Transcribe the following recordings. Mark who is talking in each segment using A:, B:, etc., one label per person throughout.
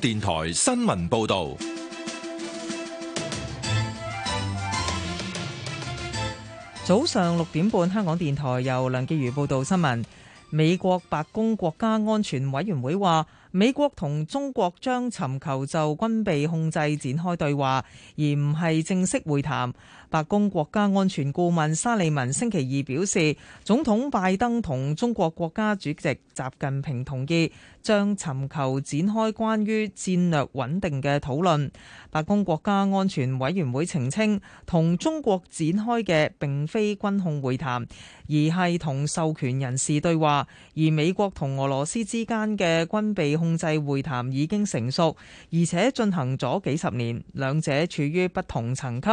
A: 電台新聞報道，
B: 早上六點半，香港電台由梁潔如報道新聞。美國白宮國家安全委員會話。美國同中國將尋求就軍備控制展開對話，而唔係正式會談。白宮國家安全顧問沙利文星期二表示，總統拜登同中國國家主席習近平同意將尋求展開關於戰略穩定嘅討論。白宮國家安全委員會澄清，同中國展開嘅並非軍控會談，而係同授權人士對話。而美國同俄羅斯之間嘅軍備控制會談已經成熟，而且進行咗幾十年，兩者處於不同層級，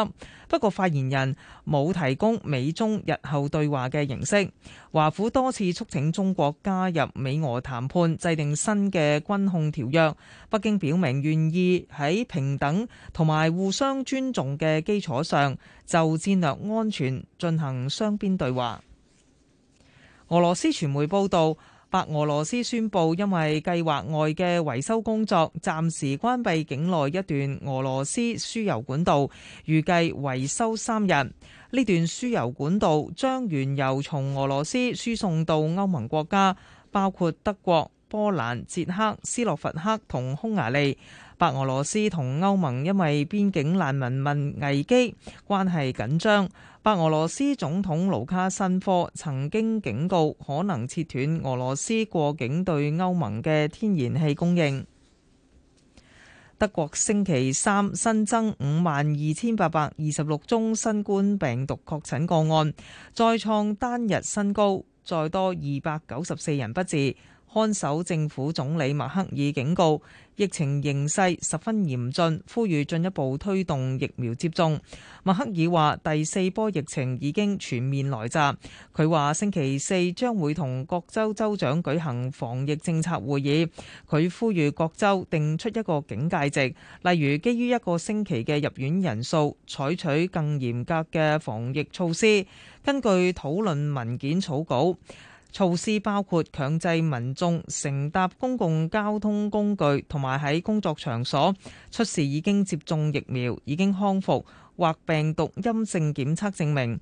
B: 不過發言人冇提供美中日後對話嘅形式。華府多次促請中國加入美俄談判，制定新嘅軍控條約。北京表明願意喺平等同埋互相尊重嘅基礎上，就戰略安全進行雙邊對話。俄羅斯傳媒報道。白俄羅斯宣布，因為計劃外嘅維修工作，暫時關閉境內一段俄羅斯輸油管道，預計維修三日。呢段輸油管道將原油從俄羅斯輸送到歐盟國家，包括德國、波蘭、捷克、斯洛伐克同匈牙利。白俄羅斯同歐盟因為邊境難民問危機關係緊張，白俄羅斯總統盧卡申科曾經警告可能切斷俄羅斯過境對歐盟嘅天然氣供應。德國星期三新增五萬二千八百二十六宗新冠病毒確診個案，再創單日新高，再多二百九十四人不治。看守政府總理默克爾警告疫情形勢十分嚴峻，呼籲進一步推動疫苗接種。默克爾話：第四波疫情已經全面來襲。佢話星期四將會同各州州長舉行防疫政策會議。佢呼籲各州定出一個警戒值，例如基於一個星期嘅入院人數，採取更嚴格嘅防疫措施。根據討論文件草稿。措施包括強制民眾乘搭公共交通工具，同埋喺工作場所出示已經接種疫苗、已經康復，或病毒陰性檢測證明；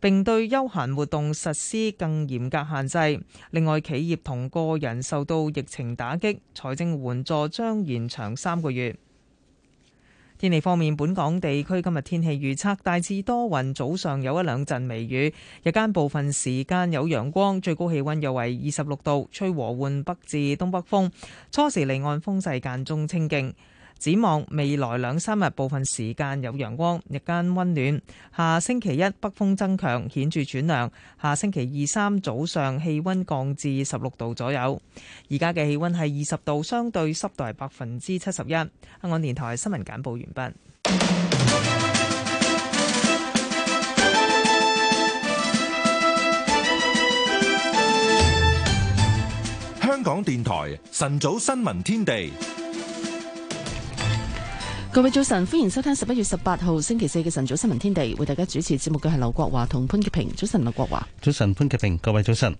B: 並對休閒活動實施更嚴格限制。另外，企業同個人受到疫情打擊，財政援助將延長三個月。天氣方面，本港地區今日天，天氣預測大致多雲，早上有一兩陣微雨，日間部分時間有陽光，最高氣溫又為二十六度，吹和緩北至東北風，初時離岸風勢間中清勁。展望未來兩三日，部分時間有陽光，日間溫暖。下星期一北風增強，顯著轉涼。下星期二三早上氣溫降至十六度左右。而家嘅氣溫係二十度，相對濕度係百分之七十一。香港電台新聞簡報完畢。
A: 香港電台晨早新聞天地。
C: 各位早晨，歡迎收聽十一月十八號星期四嘅晨早新聞天地。為大家主持節目嘅係劉國華
D: 同潘潔平。早晨，劉國華。早晨，潘潔平。各位早晨。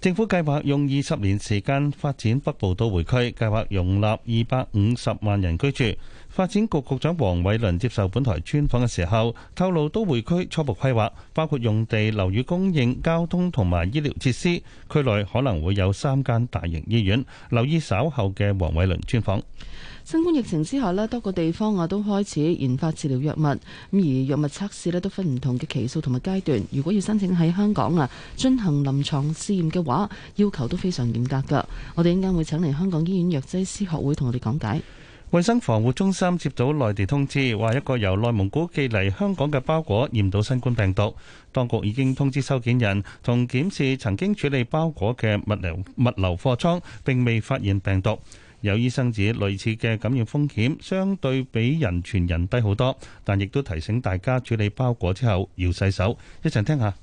D: 政府計劃用二十年時間發展北部都會區，計劃容納二百五十萬人居住。發展局局長黃偉綸接受本台專訪嘅時候，透露都會區初步規劃包括用地樓宇供應、交通同埋醫療設施。區內可能會有三間大型醫院。留意稍後嘅黃偉綸專訪。
C: 新冠疫情之下咧，多個地方啊都開始研發治療藥物。咁而藥物測試咧都分唔同嘅期數同埋階段。如果要申請喺香港啊進行臨床試驗嘅話，要求都非常嚴格噶。我哋一陣會請嚟香港醫院藥劑師學會同我哋講解。
D: 衛生防護中心接到內地通知，話一個由內蒙古寄嚟香港嘅包裹驗到新冠病毒，當局已經通知收件人同檢視曾經處理包裹嘅物流物流貨倉，並未發現病毒。有醫生指，類似嘅感染風險相對比人傳人低好多，但亦都提醒大家處理包裹之後要洗手。一陣聽下，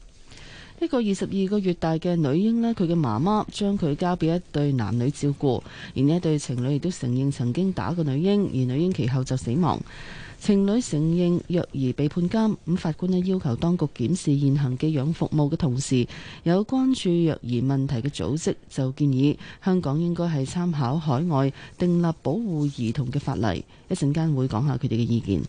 C: 一個二十二個月大嘅女嬰呢，佢嘅媽媽將佢交俾一對男女照顧，而呢一對情侶亦都承認曾經打過女嬰，而女嬰其後就死亡。情侶承認虐兒，被判監，咁法官呢要求當局檢視現行寄養服務嘅同時，有關注虐兒問題嘅組織就建議香港應該係參考海外訂立保護兒童嘅法例。一陣間
D: 會講下佢哋嘅意見。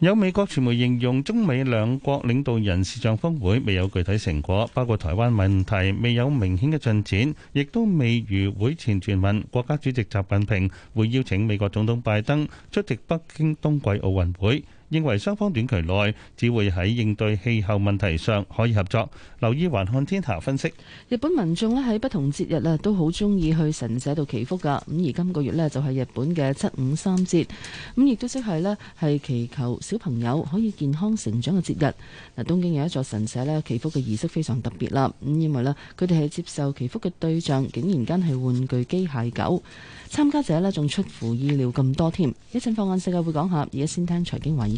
D: 有美國傳媒形容中美兩國領導人視像峰會未有具體成果，包括台灣問題未有明顯嘅進展，亦都未如會前傳聞，國家主席習近平會邀請美國總統拜登出席北京冬季奧運會。認為雙方短期內只會喺應對氣候問題上可以合作。留意環看天下分析，
C: 日本民眾咧喺不同節日啊都好中意去神社度祈福噶。咁而今個月咧就係日本嘅七五三節，咁亦都即係咧係祈求小朋友可以健康成長嘅節日。嗱，東京有一座神社咧祈福嘅儀式非常特別啦。咁因為咧佢哋係接受祈福嘅對象竟然間係玩具機械狗，參加者咧仲出乎意料咁多添。一陣放眼世界會講下，而家先聽財經環。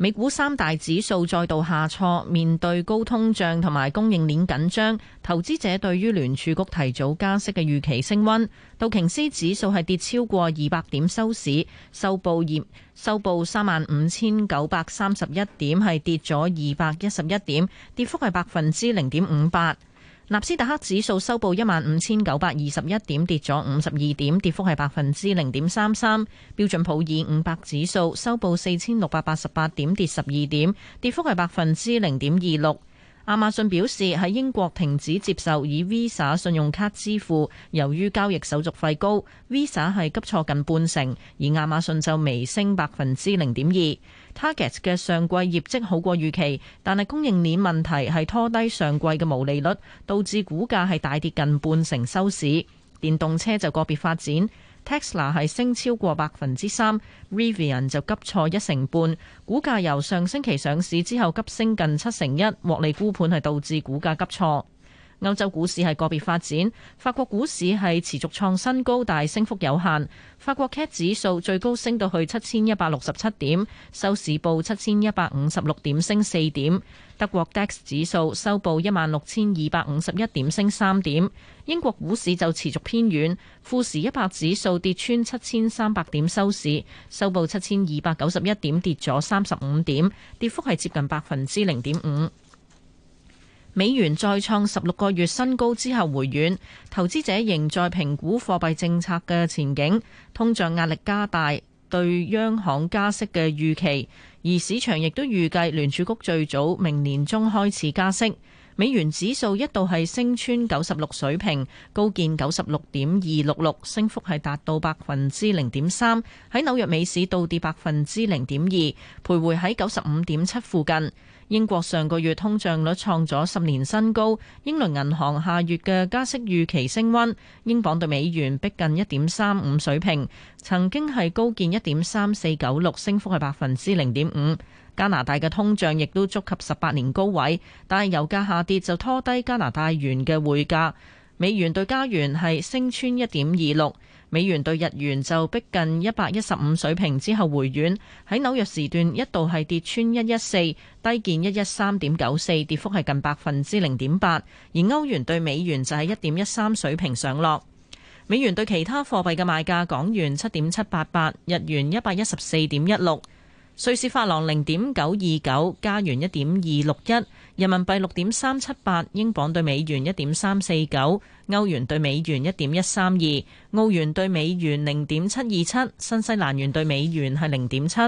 E: 美股三大指數再度下挫，面對高通脹同埋供應鏈緊張，投資者對於聯儲局提早加息嘅預期升溫。道瓊斯指數係跌超過二百點收市，收報業收報三萬五千九百三十一點，係跌咗二百一十一點，跌幅係百分之零點五八。納斯達克指數收報一萬五千九百二十一點，跌咗五十二點，跌幅係百分之零點三三。標準普爾五百指數收報四千六百八十八點，跌十二點，跌幅係百分之零點二六。亞馬遜表示喺英國停止接受以 Visa 信用卡支付，由於交易手續費高，Visa 係急挫近半成，而亞馬遜就微升百分之零點二。Target 嘅上季業績好過預期，但係供應鏈問題係拖低上季嘅毛利率，導致股價係大跌近半成收市。電動車就個別發展，Tesla 係升超過百分之三，Rivian 就急挫一成半，股價由上星期上市之後急升近七成一，獲利沽盤係導致股價急挫。歐洲股市係個別發展，法國股市係持續創新高，但升幅有限。法國 CAC 指數最高升到去七千一百六十七點，收市報七千一百五十六點，升四點。德國 DAX 指數收報一萬六千二百五十一點，升三點。英國股市就持續偏軟，富時一百指數跌穿七千三百點收，收市收報七千二百九十一點，跌咗三十五點，跌幅係接近百分之零點五。美元再創十六個月新高之後回軟，投資者仍在評估貨幣政策嘅前景，通脹壓力加大對央行加息嘅預期，而市場亦都預計聯儲局最早明年中開始加息。美元指數一度係升穿九十六水平，高見九十六點二六六，升幅係達到百分之零點三。喺紐約美市倒跌百分之零點二，徘徊喺九十五點七附近。英國上個月通脹率創咗十年新高，英倫銀行下月嘅加息預期升溫，英鎊對美元逼近一點三五水平，曾經係高見一點三四九六，升幅係百分之零點五。加拿大嘅通脹亦都觸及十八年高位，但係油價下跌就拖低加拿大元嘅匯價，美元對加元係升穿一點二六。美元對日元就逼近一百一十五水平之後回軟，喺紐約時段一度係跌穿一一四，低見一一三點九四，跌幅係近百分之零點八。而歐元對美元就係一點一三水平上落。美元對其他貨幣嘅賣價，港元七點七八八，日元一百一十四點一六，瑞士法郎零點九二九，加元一點二六一。人民幣六點三七八，英鎊對美元一點三四九，歐元對美元一點一三二，澳元對美元零點七二七，新西蘭元對美元係零點七。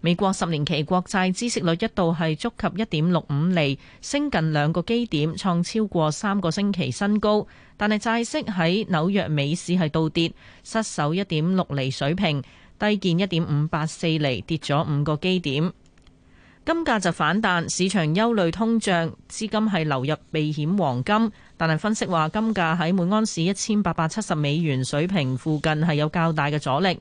E: 美國十年期國債孳息率一度係觸及一點六五厘，升近兩個基點，創超過三個星期新高。但係債息喺紐約美市係倒跌，失守一點六厘水平，低見一點五八四厘，跌咗五個基點。金價就反彈，市場憂慮通脹，資金係流入避險黃金。但係分析話，金價喺每安士一千八百七十美元水平附近係有較大嘅阻力。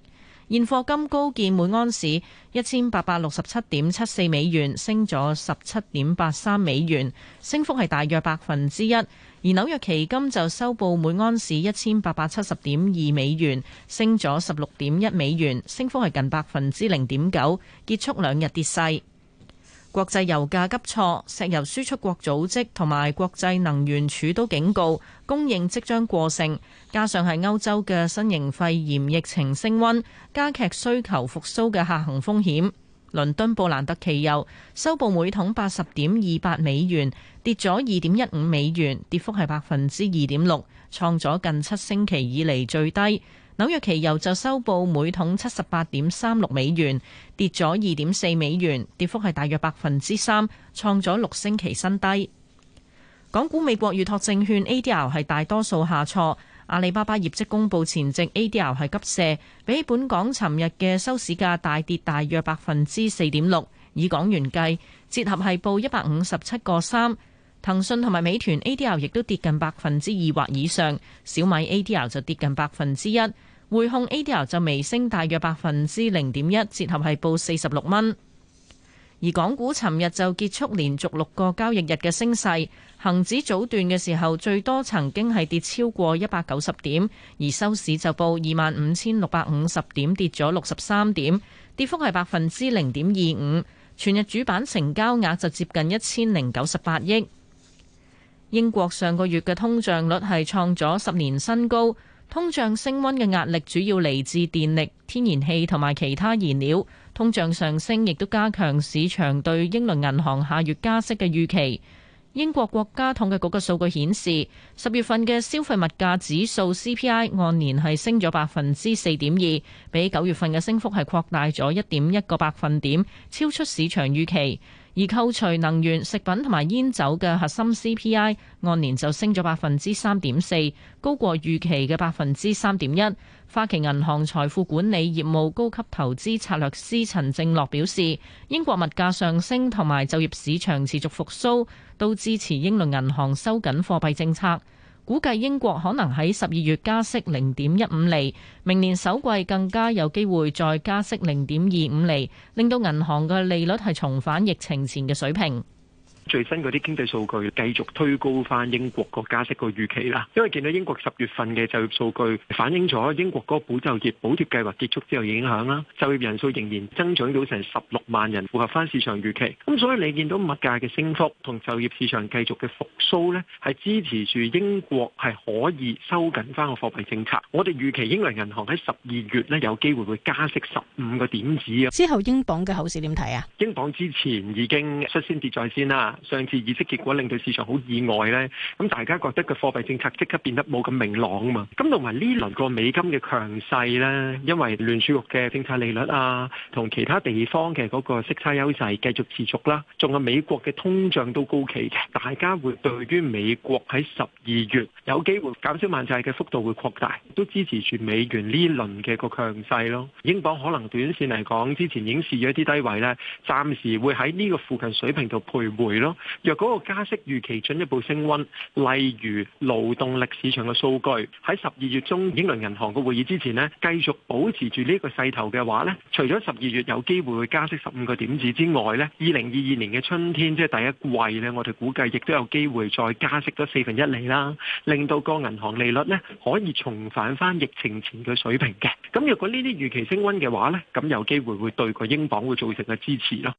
E: 現貨金高見每安士一千八百六十七點七四美元，升咗十七點八三美元，升幅係大約百分之一。而紐約期金就收報每安士一千八百七十點二美元，升咗十六點一美元，升幅係近百分之零點九，結束兩日跌勢。國際油價急挫，石油輸出國組織同埋國際能源署都警告供應即將過剩，加上係歐洲嘅新型肺炎疫情升溫，加劇需求復甦嘅下行風險。倫敦布蘭特期油收報每桶八十點二八美元，跌咗二點一五美元，跌幅係百分之二點六，創咗近七星期以嚟最低。紐約期油就收報每桶七十八點三六美元，跌咗二點四美元，跌幅係大約百分之三，創咗六星期新低。港股美國預託證券 ADR 係大多數下挫，阿里巴巴業績公佈前夕 ADR 係急瀉，比起本港尋日嘅收市價大跌大約百分之四點六，以港元計，折合係報一百五十七個三。騰訊同埋美團 ADR 亦都跌近百分之二或以上，小米 ADR 就跌近百分之一，匯控 ADR 就微升大約百分之零點一，折合係報四十六蚊。而港股尋日就結束連續六個交易日嘅升勢，恒指早段嘅時候最多曾經係跌超過一百九十點，而收市就報二萬五千六百五十點，跌咗六十三點，跌幅係百分之零點二五。全日主板成交額就接近一千零九十八億。英國上個月嘅通脹率係創咗十年新高，通脹升溫嘅壓力主要嚟自電力、天然氣同埋其他燃料。通脹上升亦都加強市場對英倫銀行下月加息嘅預期。英國國家統計局嘅數據顯示，十月份嘅消費物價指數 CPI 按年係升咗百分之四點二，比九月份嘅升幅係擴大咗一點一個百分點，超出市場預期。而扣除能源、食品同埋煙酒嘅核心 CPI，按年就升咗百分之三點四，高過預期嘅百分之三點一。花旗銀行財富管理業務高級投資策略師陳正樂表示，英國物價上升同埋就業市場持續復甦，都支持英倫銀行收緊貨幣政策。估計英國可能喺十二月加息零點一五厘，明年首季更加有機會再加息零點二五厘，令到銀行嘅利率係重返疫情前嘅水平。
F: 最新嗰啲經濟數據繼續推高翻英國個加息個預期啦，因為見到英國十月份嘅就業數據反映咗英國嗰個補就業補貼計劃結束之後，影響啦，就業人數仍然增長到成十六萬人，符合翻市場預期。咁所以你見到物價嘅升幅同就業市場繼續嘅復甦呢，係支持住英國係可以收緊翻個貨幣政策。我哋預期英倫銀行喺十二月呢，有機會會加息十五個點子。之後英鎊嘅後市點睇啊？英鎊之前已經率先跌在先啦。上次議息結果令到市場好意外呢。咁大家覺得個貨幣政策即刻變得冇咁明朗啊嘛，咁同埋呢輪個美金嘅強勢呢，因為聯儲局嘅政策利率啊，同其他地方嘅嗰個息差優勢繼續持續啦，仲有美國嘅通脹都高企嘅，大家會對於美國喺十二月有機會減少萬債嘅幅度會擴大，都支持住美元呢輪嘅個強勢咯。英鎊可能短線嚟講，之前已經試咗啲低位呢，暫時會喺呢個附近水平度徘徊。若嗰個加息預期進一步升溫，例如勞動力市場嘅數據喺十二月中英倫銀行嘅會議之前呢，繼續保持住呢個勢頭嘅話呢，除咗十二月有機會會加息十五個點子之外呢，二零二二年嘅春天即係第一季呢，我哋估計亦都有機會再加息多四分一厘啦，令到個銀行利率呢可以重返翻疫情前嘅水平嘅。咁若果呢啲預期升溫嘅話呢，咁有機會會對個英鎊會造成嘅支持咯。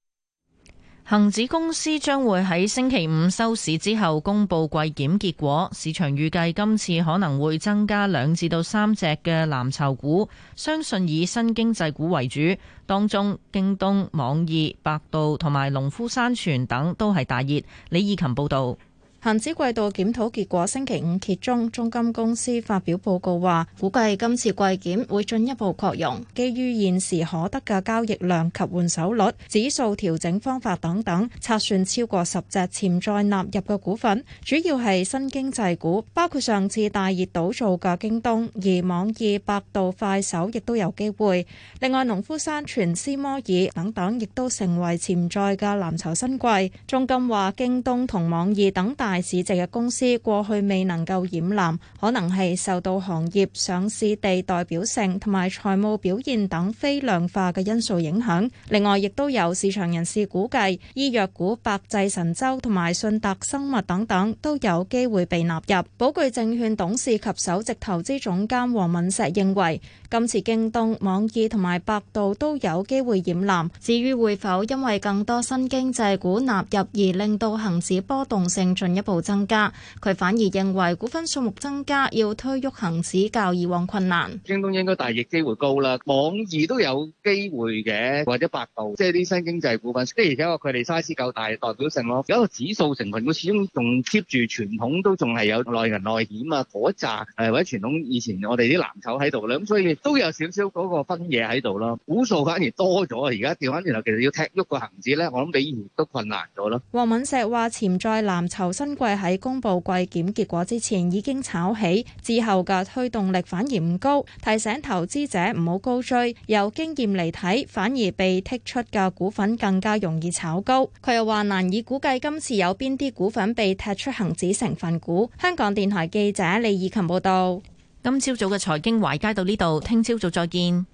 E: 恒指公司將會喺星期五收市之後公布季檢結果，市場預計今次可能會增加兩至到三隻嘅藍籌股，相信以新經濟股為主，當中京東、網易、百度同埋農夫山泉等都係大熱。李以琴報道。恆指季度檢討結
G: 果星期五揭盅，中金公司發表報告話，估計今次季檢會進一步擴容，基於現時可得嘅交易量及換手率、指數調整方法等等，測算超過十隻潛在納入嘅股份，主要係新經濟股，包括上次大熱倒灶嘅京東、而網易、百度、快手亦都有機會。另外，農夫山泉、斯摩爾等等亦都成為潛在嘅藍籌新貴。中金話，京東同網易等大大市值嘅公司過去未能夠染藍，可能係受到行業、上市地代表性同埋財務表現等非量化嘅因素影響。另外，亦都有市場人士估計，醫藥股百濟神州同埋信達生物等等都有機會被納入。寶鉅證券董事及首席投資總監黃敏石認為。今次京東、網易同埋百度都有機會染藍。至於會否因為更多新經濟股納入而令到恆指波動性進一步增加，佢反而認為股分數目增加要推喐恆指較以往困難。
D: 京東應該大熱機
H: 會高啦，網易都有機會嘅，或者百度，即係啲新經濟股份。即係而且話佢哋 size 夠大，代表性咯。有一個指數成分股，始終仲貼住傳統，都仲係有內銀內險啊，嗰扎誒或者傳統以前我哋啲藍籌喺度咧，咁所以。都有少少嗰個分嘢喺度咯，股數反而多咗，而家調翻轉頭，其實要踢喐個恆指咧，我諗比以前都困難咗咯。
G: 黃敏石話：潛在藍籌新貴喺公布季檢結果之前已經炒起，之後嘅推動力反而唔高，提醒投資者唔好高追。由經驗嚟睇，反而被剔出嘅股份更加容易炒高。佢又話：難以估計今次有邊啲股份被踢出恒指成分股。香港電台記者李以琴報道。今朝早嘅財經懷街到呢度，聽朝早再
I: 見。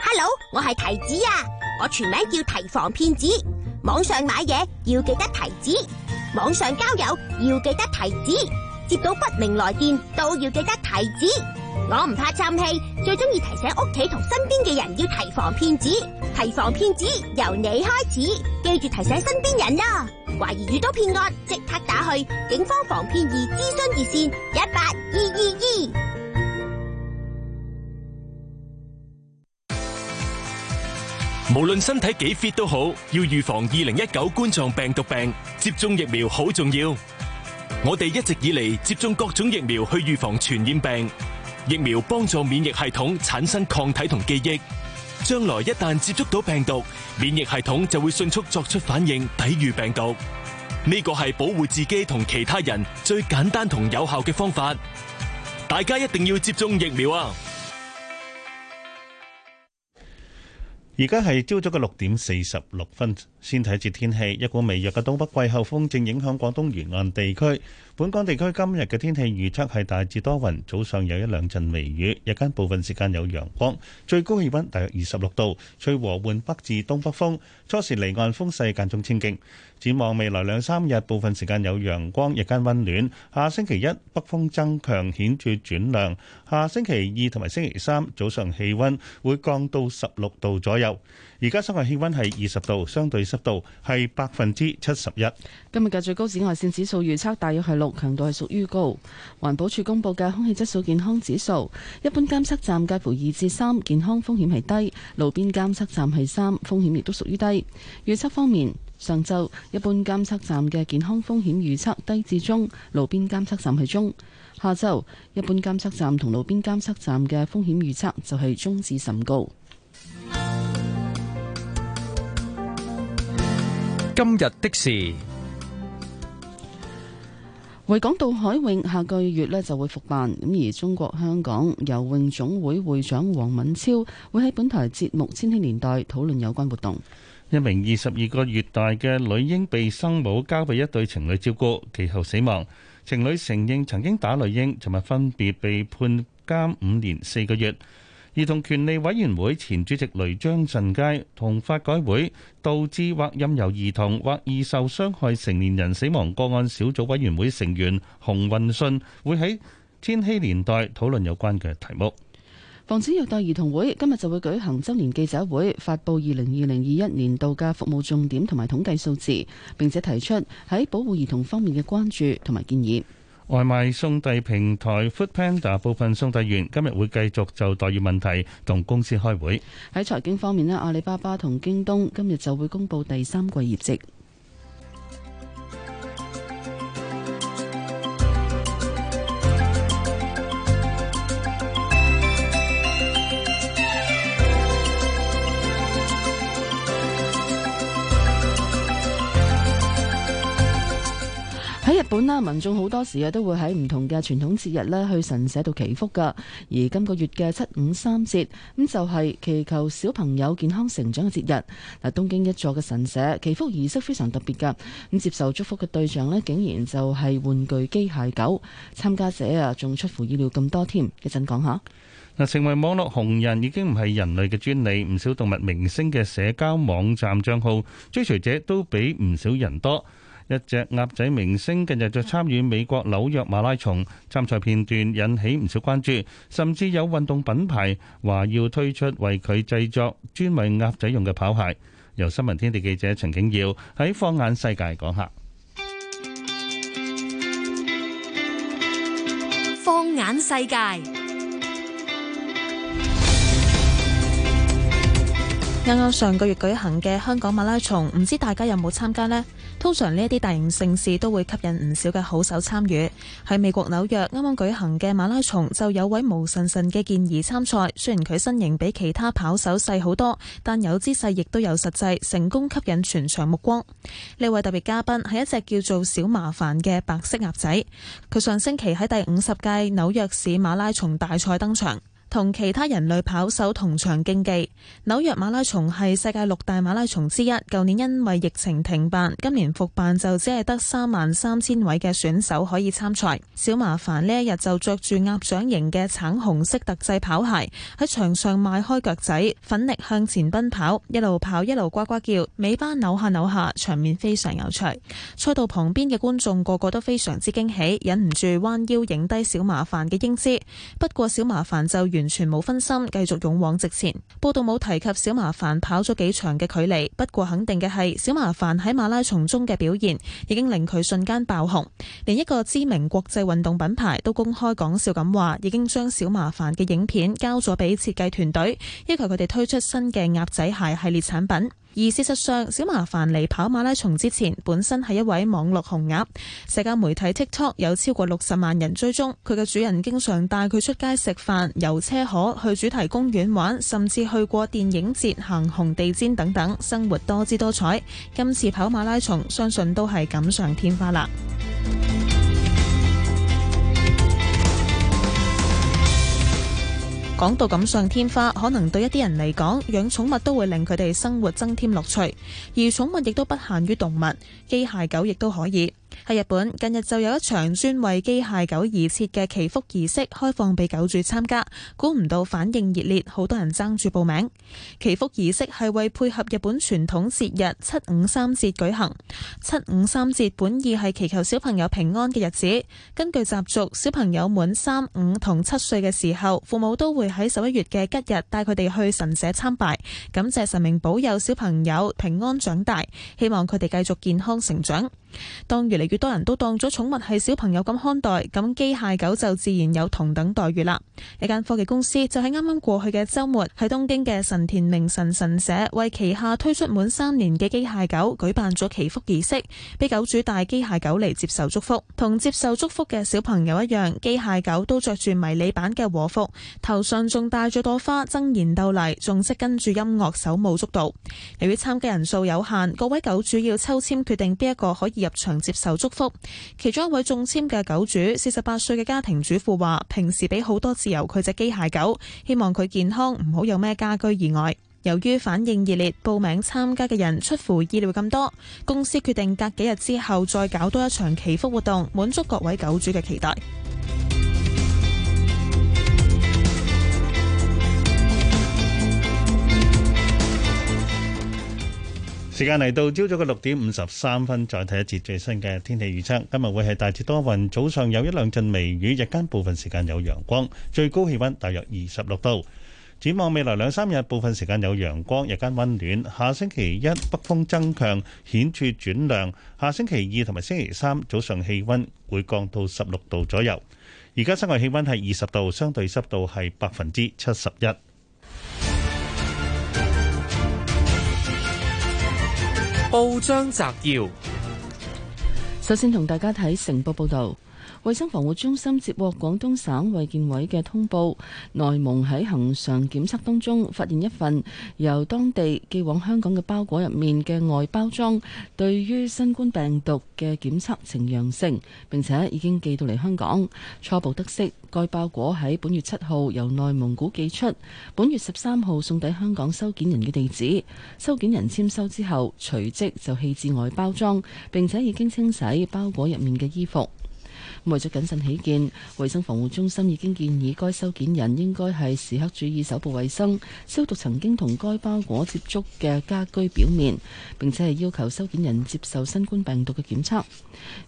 I: Hello，我係提子啊，我全名叫提防騙子。網上買嘢要記得提子，網上交友要記得提子，接到不明來電都要記得提子。我唔怕嘆氣，最中意提醒屋企同身邊嘅人要提防騙子。提防騙子由你開始，記住提醒身邊人啊。懷疑遇到騙案，即刻打去警方防騙易諮詢熱線一八二二二。
F: 無論身體幾 fit 都好，要預防二零一九冠狀病毒病，接種疫苗好重要。我哋一直以嚟接種各種疫苗去預防傳染病。疫苗幫助免疫系統產生抗體同記憶，將來一旦接觸到病毒，免疫系統就會迅速作出反應，抵御病毒。呢個係保護自己同其他人最簡單同有效嘅方法。大家一定要接種疫苗啊！
D: 而家係朝早嘅六點四十六分，先睇住天氣。一股微弱嘅東北季候風正影響廣東沿岸地區。本港地區今日嘅天氣預測係大致多雲，早上有一兩陣微雨，日間部分時間有陽光，最高氣溫大約二十六度，吹和緩北至東北風，初時離岸風勢間中清勁。展望未來兩三日，部分時間有陽光，日間溫暖。下星期一北風增強顯著，轉涼。下星期二同埋星期三早上氣溫會降到十六度左右。而家室外氣溫係二十度，相對濕度係百分之七十一。
C: 今日嘅最高紫外線指數預測大約係六，強度係屬於高。環保署公布嘅空氣質素健康指數，一般監測站介乎二至三，健康風險係低；路邊監測站係三，風險亦都屬於低。預測方面，上晝一般監測站嘅健康風險預測低至中，路邊監測站係中。下晝一般監測站同路邊監測站嘅風險預測就係中至甚高。今日的事，維港渡海泳下個月呢就會復辦。咁而中國香港游泳總會會長黃敏超會喺本台節目《千禧年代》討論有關活動。
D: 一名二十二個月大嘅女嬰被生母交俾一對情侶照顧，其後死亡。情侶承認曾經打女嬰，尋日分別被判監五年四個月。兒童權利委員會前主席雷張振佳同法改會導致或任由兒童或易受傷害成年人死亡個案小組委員會成員洪運信會喺千禧年代討論有關嘅題目。
C: 防止虐待兒童會今日就會舉行周年記者會，發布二零二零二一年度嘅服務重點同埋統計數字，並且提出喺保護兒童方面嘅關注同埋建議。
D: 外賣送遞平臺 Foodpanda 部分送遞員今日會繼續就待遇問題同公司開會。
C: 喺財經方面呢，阿里巴巴同京東今日就會公布第三季業績。日本啦，民眾好多時啊，都會喺唔同嘅傳統節日咧去神社度祈福噶。而今個月嘅七五三節，咁就係祈求小朋友健康成長嘅節日。嗱，東京一座嘅神社祈福儀式非常特別噶，咁接受祝福嘅對象咧竟然就係玩具機械狗，參加者啊仲出乎意料咁多添。一陣講下。
D: 嗱，成為網絡紅人已經唔係人類嘅專利，唔少動物明星嘅社交網站賬號追隨者都比唔少人多。一隻鴨仔明星近日就參與美國紐約馬拉松參賽片段引起唔少關注，甚至有運動品牌話要推出為佢製作專為鴨仔用嘅跑鞋。由新聞天地記者陳景耀喺《放眼世界》講下。
J: 放眼世界，
K: 啱啱上個月舉行嘅香港馬拉松，唔知大家有冇參加呢？通常呢一啲大型盛事都會吸引唔少嘅好手參與。喺美國紐約啱啱舉行嘅馬拉松就有位毛神神嘅健兒參賽，雖然佢身形比其他跑手細好多，但有姿勢亦都有實際，成功吸引全場目光。呢位特別嘉賓係一隻叫做小麻煩嘅白色鴨仔，佢上星期喺第五十屆紐約市馬拉松大賽登場。同其他人類跑手同場競技。紐約馬拉松係世界六大馬拉松之一，舊年因為疫情停辦，今年復辦就只係得三萬三千位嘅選手可以參賽。小麻煩呢一日就着住鴨掌型嘅橙紅色特製跑鞋，喺場上邁開腳仔，奮力向前奔跑，一路跑一路呱呱叫，尾巴扭下扭下，場面非常有趣。賽道旁邊嘅觀眾個個都非常之驚喜，忍唔住彎腰影低小麻煩嘅英姿。不過小麻煩就完全冇分心，繼續勇往直前。報道冇提及小麻煩跑咗幾長嘅距離，不過肯定嘅係小麻煩喺馬拉松中嘅表現已經令佢瞬間爆紅，連一個知名國際運動品牌都公開講笑咁話，已經將小麻煩嘅影片交咗俾設計團隊，要求佢哋推出新嘅鴨仔鞋系列產品。而事實上，小麻煩嚟跑馬拉松之前，本身係一位網絡紅鴨，社交媒體 TikTok 有超過六十萬人追蹤。佢嘅主人經常帶佢出街食飯、遊車河、去主題公園玩，甚至去過電影節、行紅地氈等等，生活多姿多彩。今次跑馬拉松，相信都係錦上添花啦。講到錦上添花，可能對一啲人嚟講，養寵物都會令佢哋生活增添樂趣。而寵物亦都不限於動物，機械狗亦都可以。喺日本近日就有一場專為機械狗而設嘅祈福儀式開放俾狗主參加，估唔到反應熱烈，好多人爭住報名。祈福儀式係為配合日本傳統節日七五三節舉行。七五三節本意係祈求小朋友平安嘅日子。根據習俗，小朋友滿三五同七歲嘅時候，父母都會喺十一月嘅吉日帶佢哋去神社參拜，感謝神明保佑小朋友平安長大，希望佢哋繼續健康成長。當越嚟越多人都當咗寵物係小朋友咁看待，咁機械狗就自然有同等待遇啦。一間科技公司就喺啱啱過去嘅周末，喺東京嘅神田明神神社為旗下推出滿三年嘅機械狗舉辦咗祈福儀式，俾狗主帶機械狗嚟接受祝福。同接受祝福嘅小朋友一樣，機械狗都着住迷你版嘅和服，頭上仲戴咗朵花，爭妍鬥麗，仲識跟住音樂手舞足蹈。由於參加人數有限，各位狗主要抽籤決定邊一個可以入場接受祝福，其中一位中籤嘅狗主，四十八歲嘅家庭主婦話，平時俾好多自由佢隻機械狗，希望佢健康，唔好有咩家居意外。由於反應熱烈，報名參加嘅人出乎意料咁多，公司決定隔幾日之後再搞多一場祈福活動，滿足各位狗主嘅期待。
D: 時間嚟到朝早嘅六點五十三分，再睇一節最新嘅天氣預測。今日會係大致多雲，早上有一兩陣微雨，日間部分時間有陽光，最高氣溫大約二十六度。展望未來兩三日，部分時間有陽光，日間溫暖。下星期一北風增強，顯著轉涼。下星期二同埋星期三早上氣溫會降到十六度左右。而家室外氣溫係二十度，相對濕度係百分之七十一。報
H: 章摘要，
C: 首先同大家睇《成報》報導。衛生防護中心接獲廣東省衛健委嘅通報，內蒙喺恒常檢測當中發現一份由當地寄往香港嘅包裹入面嘅外包裝，對於新冠病毒嘅檢測呈陽性，並且已經寄到嚟香港。初步得悉，該包裹喺本月七號由內蒙古寄出，本月十三號送抵香港收件人嘅地址。收件人簽收之後，隨即就棄置外包裝，並且已經清洗包裹入面嘅衣服。為咗謹慎起見，衛生防護中心已經建議該收件人應該係時刻注意手部衛生，消毒曾經同該包裹接觸嘅家居表面，並且係要求收件人接受新冠病毒嘅檢測。咁、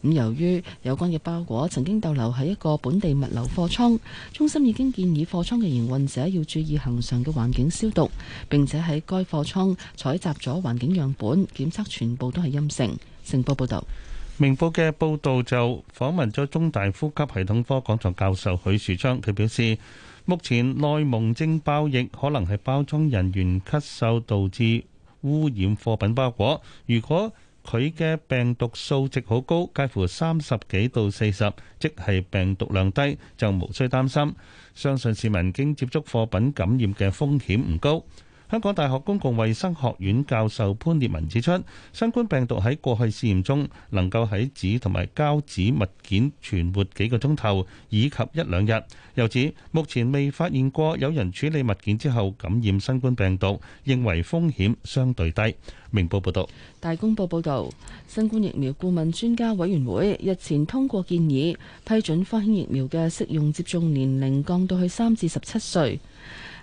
C: 嗯、由於有關嘅包裹曾經逗留喺一個本地物流貨倉，中心已經建議貨倉嘅營運者要注意恒常嘅環境消毒，並且喺該貨倉採集咗環境樣本檢測，檢測全部都係陰性。成報報道。
D: 明報嘅報導就訪問咗中大呼吸系統科講座教授許樹昌，佢表示，目前內蒙症爆疫可能係包裝人員咳嗽導致污染貨品包裹，如果佢嘅病毒數值好高，介乎三十幾到四十，即係病毒量低，就無需擔心，相信市民經接觸貨品感染嘅風險唔高。香港大學公共衛生學院教授潘烈文指出，新冠病毒喺過去試驗中能夠喺紙同埋膠紙物件存活幾個鐘頭以及一兩日。由此，目前未發現過有人處理物件之後感染新冠病毒，認為風險相對低。明報報道。
C: 大公報報道，新冠疫苗顧問專家委員會日前通過建議，批准科興疫苗嘅適用接種年齡降到去三至十七歲。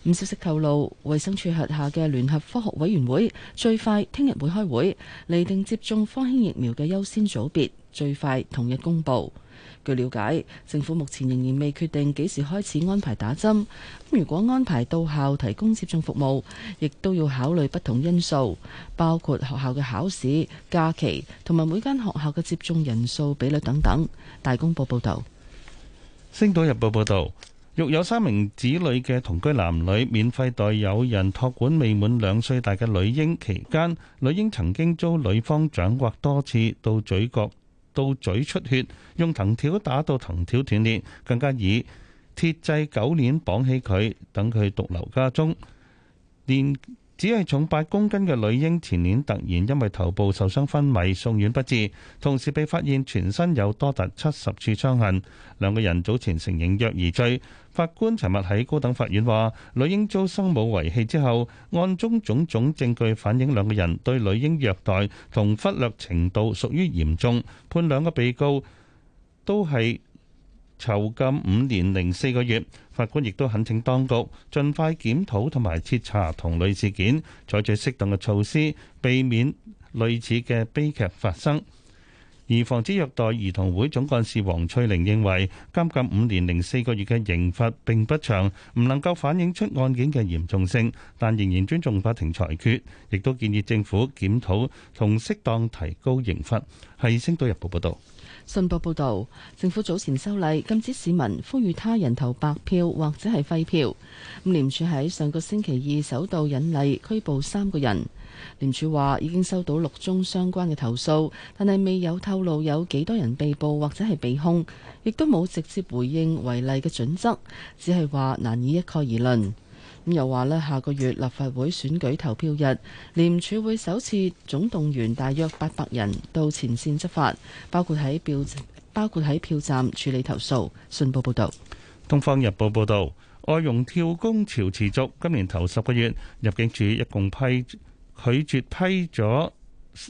C: 唔消息透露，衛生署轄下嘅聯合科學委員會最快聽日會開會，釐定接種科興疫苗嘅優先組別，最快同日公布。據了解，政府目前仍然未決定幾時開始安排打針。如果安排到校提供接種服務，亦都要考慮不同因素，包括學校嘅考試、假期同埋每間學校嘅接種人數比率等等。大公報報道。
D: 星島日報報道。育有三名子女嘅同居男女，免費代有人託管未滿兩歲大嘅女嬰期間，女嬰曾經遭女方掌摑多次，到嘴角到嘴出血，用藤條打到藤條斷裂，更加以鐵製狗鏈綁起佢，等佢獨留家中，連。只係重八公斤嘅女嬰，前年突然因為頭部受傷昏迷送院不治，同時被發現全身有多達七十處傷痕。兩個人早前承認虐兒罪，法官尋日喺高等法院話：女嬰遭生母遺棄之後，案中種種證據反映兩個人對女嬰虐待同忽略程度屬於嚴重，判兩個被告都係。囚禁五年零四個月，法官亦都懇請當局盡快檢討同埋徹查同類事件，採取適當嘅措施，避免類似嘅悲劇發生。而防止虐待兒童會總幹事黃翠玲認為，監禁五年零四個月嘅刑罰並不長，唔能夠反映出案件嘅嚴重性，但仍然尊重法庭裁決，亦都建議政府檢討同適當提高刑罰。係《星島日報》報道。
C: 信報報導，政府早前修例禁止市民呼籲他人投白票或者係廢票。廉署喺上個星期二首度引例拘捕三個人。廉署話已經收到六宗相關嘅投訴，但係未有透露有幾多人被捕或者係被控，亦都冇直接回應違例嘅準則，只係話難以一概而論。咁又話咧，下個月立法會選舉投票日，廉署會首次總動員大約八百人到前線執法，包括喺票包括喺票站處理投訴。
D: 信報報導，《東方日報》報導，外傭跳工潮持續，今年頭十個月入境處一共批拒絕批咗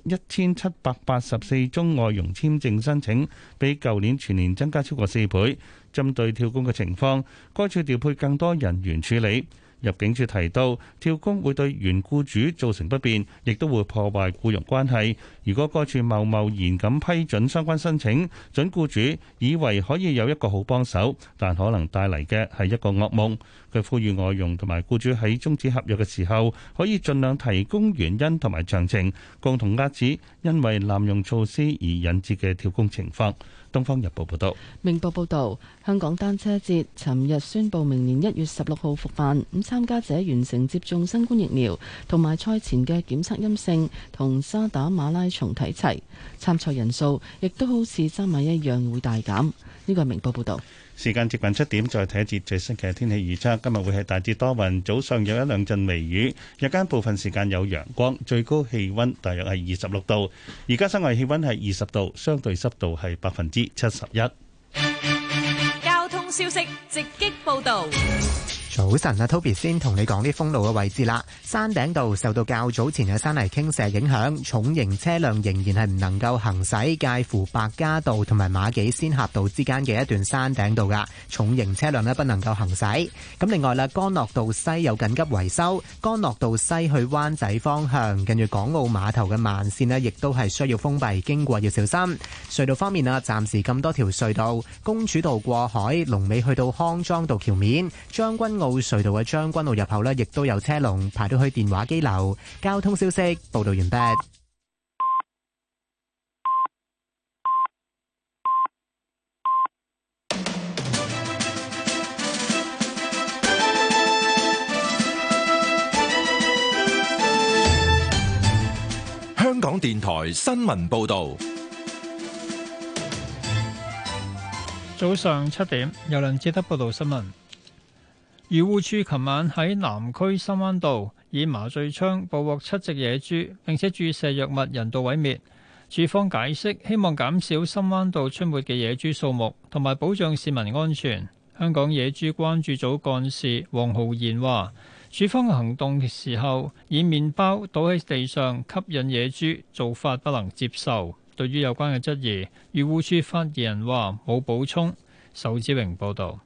D: 一千七百八十四宗外傭簽證申請，比舊年全年增加超過四倍。針對跳工嘅情況，該處調配更多人員處理。入境處提到，跳工會對原雇主造成不便，亦都會破壞僱傭關係。如果該處貿貿然咁批准相關申請，準僱主以為可以有一個好幫手，但可能帶嚟嘅係一個噩夢。佢呼籲外傭同埋僱主喺終止合約嘅時候，可以盡量提供原因同埋詳情，共同遏止因為濫用措施而引致嘅跳工情況。《東方日報》報道，《明報》報道。
C: 香港單車節尋日宣布，明年一月十六號復辦。咁參加者完成接種新冠疫苗，同埋賽前嘅檢測陰性，同渣打馬拉松睇齊參賽人數，亦都好似渣馬一樣會大減。呢個係《明報》報道。
D: 時間接近七點，再睇一節最新嘅天氣預測。今日會係大致多雲，早上有一兩陣微雨，日間部分時間有陽光，最高氣温大約係二十六度。而家室外氣温係二十度，相對濕度係百分之七十一。
L: 消息直擊報導。
D: 早晨啊，Toby 先同你講啲封路嘅
M: 位置啦。山頂道受到較早前嘅山泥傾瀉影響，重型車輛仍然係唔能夠行駛，介乎白加道同埋馬己仙峽道之間嘅一段山頂道噶，重型車輛呢不能夠行駛。咁另外啦，干諾道西有緊急維修，干諾道西去灣仔方向，近住港澳碼頭嘅慢線呢亦都係需要封閉，經過要小心。隧道方面啊，暫時咁多條隧道，公主道過海，龍尾去到康莊道橋面，將軍。澳隧道嘅將軍澳入口呢，亦都有車龍排到去電話機樓。交通消息報道完畢。
A: 香港電台新聞報道，
N: 早上七點，由梁志德報道新聞。漁護署琴晚喺南區深灣道以麻醉槍捕獲七隻野豬，並且注射藥物人道毀滅，署方解釋希望減少深灣道出沒嘅野豬數目，同埋保障市民安全。香港野豬關注組幹事黃浩然話署方嘅行動時候以麵包倒喺地上吸引野豬做法不能接受。對於有關嘅質疑，漁護署發言人話冇補充。仇志榮報道。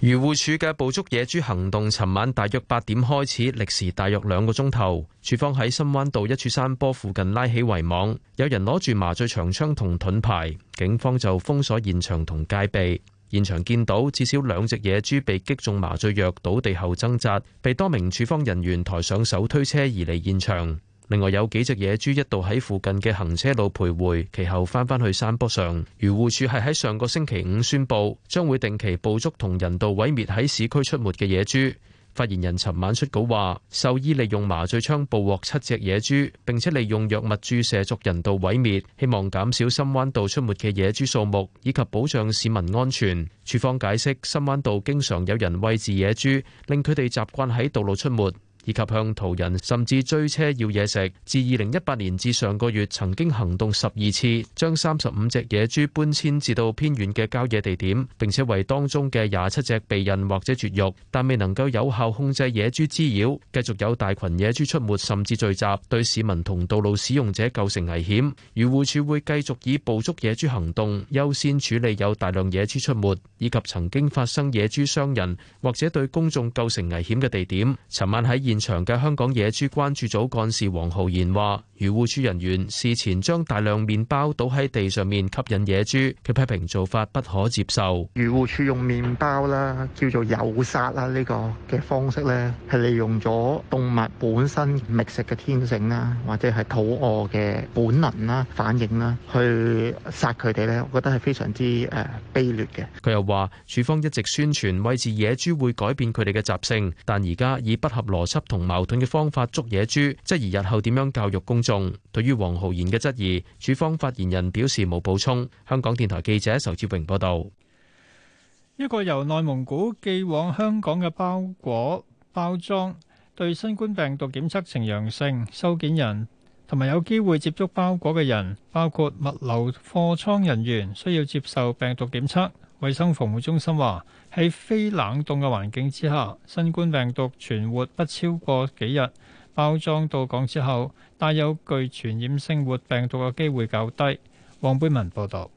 O: 漁護署嘅捕捉野豬行動，尋晚大約八點開始，歷時大約兩個鐘頭。署方喺深灣道一處山坡附近拉起圍網，有人攞住麻醉長槍同盾牌，警方就封鎖現場同戒備。現場見到至少兩隻野豬被擊中麻醉藥倒地後掙扎，被多名署方人員抬上手推車移離現場。另外有幾隻野豬一度喺附近嘅行車路徘徊，其後翻返去山坡上。漁護署係喺上個星期五宣布，將會定期捕捉同人道毀滅喺市區出沒嘅野豬。發言人尋晚出稿話，獸醫利用麻醉槍捕獲七隻野豬，並且利用藥物注射作人道毀滅，希望減少深灣道出沒嘅野豬數目，以及保障市民安全。署方解釋，深灣道經常有人餵飼野豬，令佢哋習慣喺道路出沒。以及向途人甚至追車要嘢食。自二零一八年至上個月，曾經行動十二次，將三十五隻野豬搬遷至到偏遠嘅郊野地點，並且為當中嘅廿七隻避孕或者絕育。但未能夠有效控制野豬滋擾，繼續有大群野豬出沒甚至聚集，對市民同道路使用者構成危險。漁護署會繼續以捕捉野豬行動優先處理有大量野豬出沒以及曾經發生野豬傷人或者對公眾構成危險嘅地點。尋晚喺現場嘅香港野豬關注組幹事黃浩然話：漁護署人員事前將大量麵包倒喺地上面吸引野豬，佢批評做法不可接受。
F: 漁護署用麵包啦，叫做誘殺啦呢個嘅方式咧，係利用咗動物本身覓食嘅天性啦，或者係肚餓嘅本能啦、反應啦，去殺佢哋咧，我覺得係非常之誒卑劣嘅。
O: 佢又話，署方一直宣傳餵飼野豬會改變佢哋嘅習性，但而家以不合邏輯。同矛盾嘅方法捉野豬，質疑日後點樣教育公眾。對於黃浩然嘅質疑，署方發言人表示冇補充。香港電台記者仇志榮報道。
N: 一個由內蒙古寄往香港嘅包裹包裝，對新冠病毒檢測呈陽性，收件人同埋有機會接觸包裹嘅人，包括物流貨倉人員需要接受病毒檢測，衛生防護中心話，喺非冷凍嘅環境之下，新冠病毒存活不超過幾日。包裝到港之後，帶有具傳染性活病毒嘅機會較低。黃貝文報導。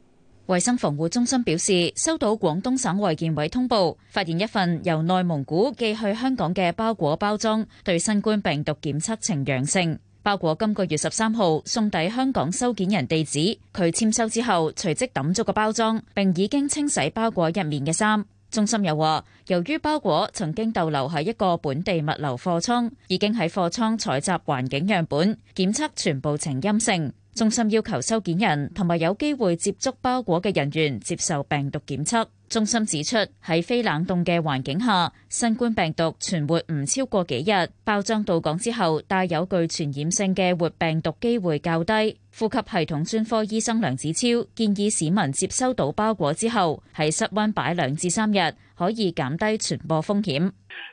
P: 衞生防護中心表示，收到廣東省衛健委通報，發現一份由內蒙古寄去香港嘅包裹包裝對新冠病毒檢測呈陽性。包裹今個月十三號送抵香港收件人地址，佢簽收之後，隨即抌咗個包裝，並已經清洗包裹入面嘅衫。中心又話，由於包裹曾經逗留喺一個本地物流貨倉，已經喺貨倉採集環境樣本，檢測全部呈陰性。中心要求收件人同埋有機會接觸包裹嘅人員接受病毒檢測，中心指出，喺非冷凍嘅環境下，新冠病毒存活唔超過幾日。包裝到港之後帶有具傳染性嘅活病毒機會較低。呼吸系統專科醫生梁子超建議市民接收到包裹之後，喺室温擺兩至三日，可以減低傳播風險，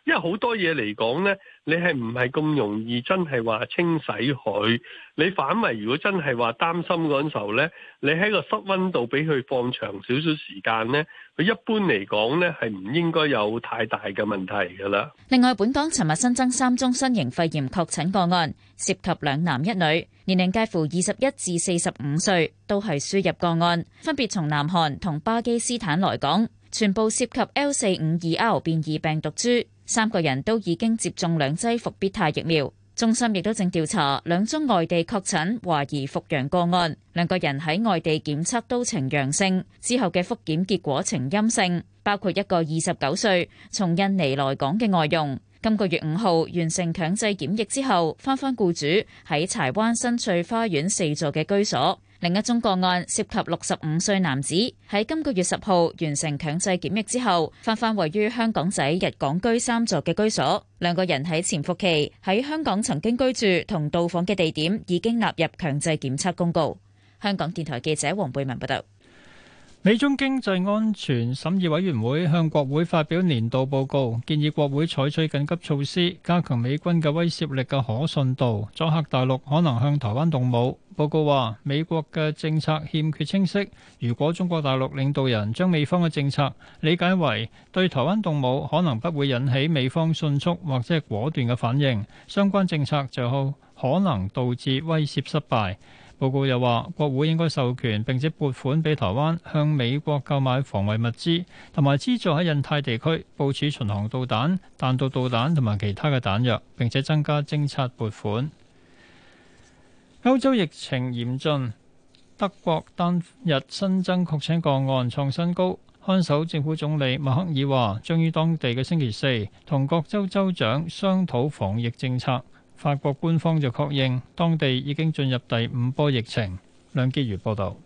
Q: 因為好多嘢嚟講咧。你係唔係咁容易真係話清洗佢？你反為如果真係話擔心嗰陣時候呢，你喺個室溫度俾佢放長少少時間呢，佢一般嚟講呢係唔應該有太大嘅問題噶啦。
P: 另外，本港尋日新增三宗新型肺炎確診個案，涉及兩男一女，年齡介乎二十一至四十五歲，都係輸入個案，分別從南韓同巴基斯坦來港，全部涉及 L452R 變異病毒株。三個人都已經接種兩劑復必泰疫苗，中心亦都正調查兩宗外地確診懷疑復陽個案，兩個人喺外地檢測都呈陽性，之後嘅復檢結果呈陰性，包括一個二十九歲從印尼來港嘅外傭，今個月五號完成強制檢疫之後，翻返雇主喺柴灣新翠花園四座嘅居所。另一宗個案涉及六十五歲男子，喺今個月十號完成強制檢疫之後，翻返位於香港仔日港居三座嘅居所。兩個人喺潛伏期喺香港曾經居住同到訪嘅地點已經納入強制檢測公告。香港電台記者黃貝文報道。
N: 美中經濟安全審議委員會向國會發表年度報告，建議國會採取緊急措施，加強美軍嘅威懾力嘅可信度，阻嚇大陸可能向台灣動武。報告話，美國嘅政策欠缺清晰，如果中國大陸領導人將美方嘅政策理解為對台灣動武，可能不會引起美方迅速或者係果斷嘅反應，相關政策就可能導致威懾失敗。報告又話，國會應該授權並且撥款俾台灣向美國購買防衛物資，同埋資助喺印太地區部署巡航導彈、彈道導彈同埋其他嘅彈藥，並且增加偵察撥款。歐洲疫情嚴峻，德國單日新增確診個案創新高。看守政府總理默克爾話，將於當地嘅星期四同各州州長商討防疫政策。法國官方就確認，當地已經進入第五波疫情。梁潔如報道。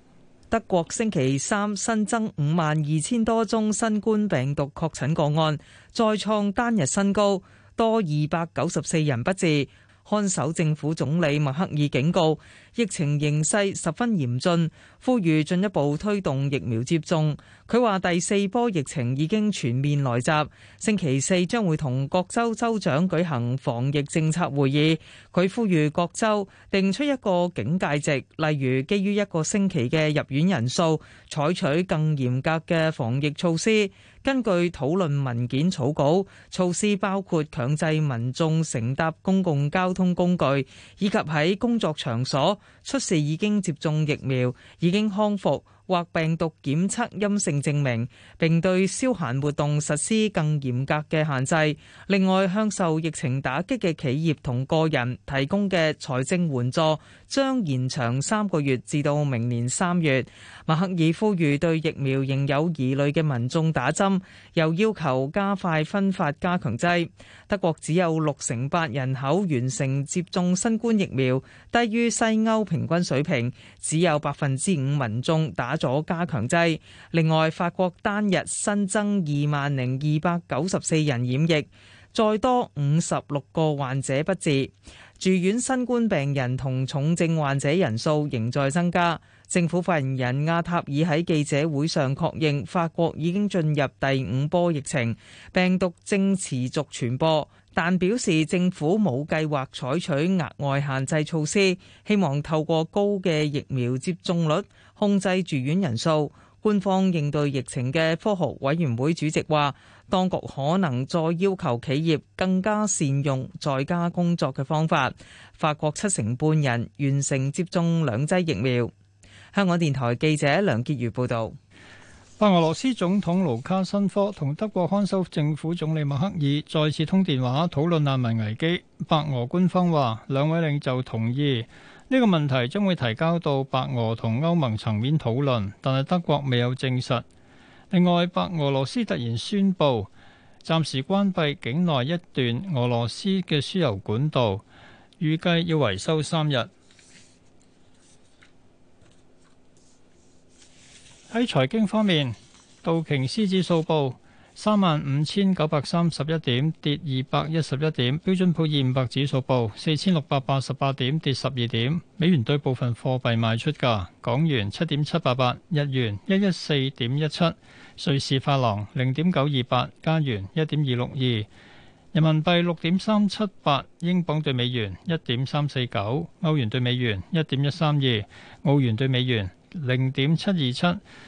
B: 德國星期三新增五萬二千多宗新冠病毒確診個案，再創單日新高，多二百九十四人不治。看守政府總理默克爾警告，疫情形勢十分嚴峻，呼籲進一步推動疫苗接種。佢話第四波疫情已經全面來襲，星期四將會同各州州長舉行防疫政策會議。佢呼籲各州定出一個警戒值，例如基於一個星期嘅入院人數，採取更嚴格嘅防疫措施。根據討論文件草稿，措施包括強制民眾乘搭公共交通工具，以及喺工作場所出示已經接種疫苗、已經康復，或病毒檢測陰性證明，並對消閒活動實施更嚴格嘅限制。另外，向受疫情打擊嘅企業同個人提供嘅財政援助將延長三個月，至到明年三月。默克爾呼籲對疫苗仍有疑慮嘅民眾打針，又要求加快分發加強劑。德國只有六成八人口完成接種新冠疫苗，低於西歐平均水平，只有百分之五民眾打咗加強劑。另外，法國單日新增二萬零二百九十四人染疫，再多五十六個患者不治。住院新冠病人同重症患者人數仍在增加。政府發言人阿塔爾喺記者會上確認，法國已經進入第五波疫情，病毒正持續傳播，但表示政府冇計劃採取額外限制措施，希望透過高嘅疫苗接種率控制住院人數，官方應對疫情嘅科學委員會主席話當局可能再要求企業更加善用在家工作嘅方法。法國七成半人完成接種兩劑疫苗。香港電台記者梁潔如報道。
N: 白俄羅斯總統盧卡申科同德國看守政府總理默克爾再次通電話討論難民危機，白俄官方話兩位領袖同意。呢個問題將會提交到白俄同歐盟層面討論，但係德國未有證實。另外，白俄羅斯突然宣布暫時關閉境內一段俄羅斯嘅輸油管道，預計要維修三日。喺財經方面，道瓊斯指數報三萬五千九百三十一點跌二百一十一點。標準普爾五百指數報四千六百八十八點跌十二點。美元對部分貨幣賣出價：港元七點七八八，日元一一四點一七，瑞士法郎零點九二八，加元一點二六二，人民幣六點三七八，英鎊對美元一點三四九，歐元對美元一點一三二，澳元對美元零點七二七，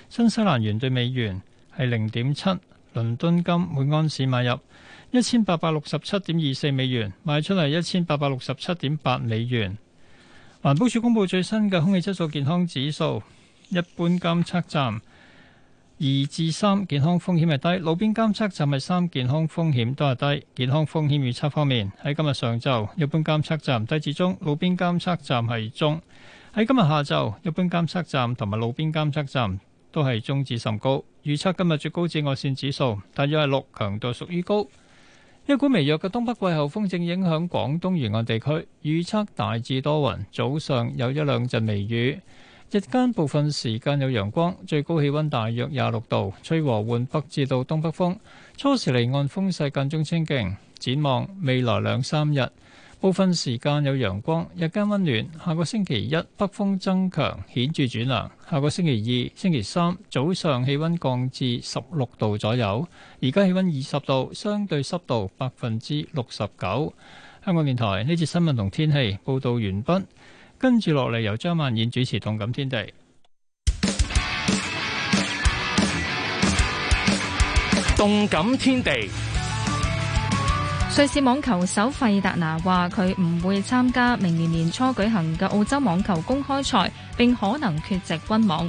N: 新西蘭元對美元係零點七。倫敦金每安士買入一千八百六十七點二四美元，賣出嚟一千八百六十七點八美元。環保署公布最新嘅空氣質素健康指數，一般監測站二至三健康風險係低，路邊監測站係三健康風險都係低。健康風險預測方面，喺今日上晝，一般監測站低至中，路邊監測站係中。喺今日下晝，一般監測站同埋路邊監測站。都係中至甚高，預測今日最高紫外線指數大約係六，強度屬於高。一股微弱嘅東北季候風正影響廣東沿岸地區，預測大致多雲，早上有一兩陣微雨，日間部分時間有陽光，最高氣温大約廿六度，吹和緩北至到東北風，初時離岸風勢間中清勁。展望未來兩三日，部分時間有陽光，日間温暖。下個星期一北風增強，顯著轉涼。下個星期二、星期三早上氣温降至十六度左右。而家氣温二十度，相對濕度百分之六十九。香港電台呢次新聞同天氣報導完畢，跟住落嚟由張曼燕主持《動感天地》。動
R: 感天地。
J: 瑞士網球手費達拿話：佢唔會參加明年年初舉行嘅澳洲網球公開賽，並可能缺席温網。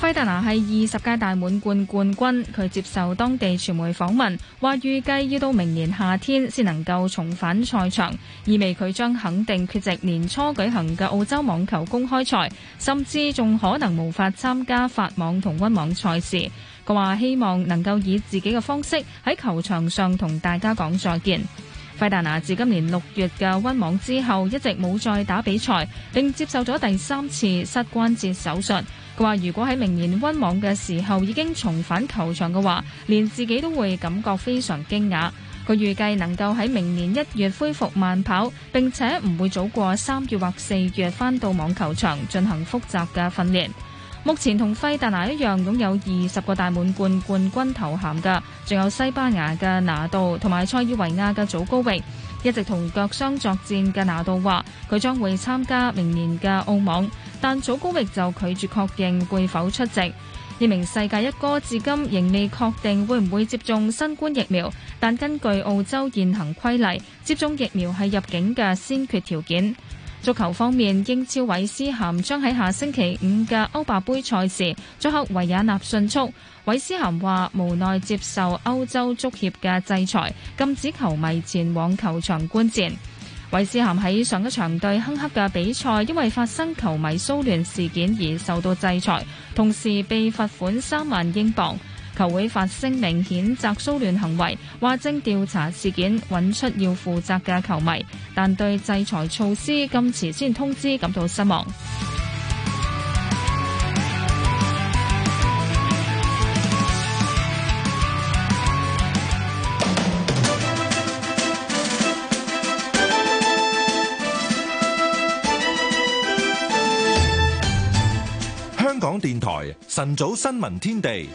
J: 費達拿係二十屆大滿貫冠軍，佢接受當地傳媒訪問，話預計要到明年夏天先能夠重返賽場，意味佢將肯定缺席年初舉行嘅澳洲網球公開賽，甚至仲可能無法參加法網同温網賽事。佢話：希望能夠以自己嘅方式喺球場上同大家講再見。費達拿自今年六月嘅温網之後，一直冇再打比賽，並接受咗第三次膝關節手術。佢話：如果喺明年温網嘅時候已經重返球場嘅話，連自己都會感覺非常驚訝。佢預計能夠喺明年一月恢復慢跑，並且唔會早過三月或四月返到網球場進行複雜嘅訓練。目前同費達拿一樣擁有二十個大滿貫冠軍頭銜嘅，仲有西班牙嘅拿度同埋塞爾維亞嘅祖高域。一直同腳傷作戰嘅拿度話，佢將會參加明年嘅澳網，但祖高域就拒絕確認會否出席。一名世界一哥至今仍未確定會唔會接種新冠疫苗，但根據澳洲現行規例，接種疫苗係入境嘅先決條件。足球方面，英超韋斯咸將喺下星期五嘅歐霸盃賽事作客維也納迅速。韋斯咸話無奈接受歐洲足協嘅制裁，禁止球迷前往球場觀戰。韋斯咸喺上一場對亨克嘅比賽，因為發生球迷騷亂事件而受到制裁，同時被罰款三萬英鎊。球會發聲明，譴責騷亂行為，話正調查事件，揾出要負責嘅球迷，但對制裁措施咁遲先通知感到失望。
A: 香港電台晨早新聞天地。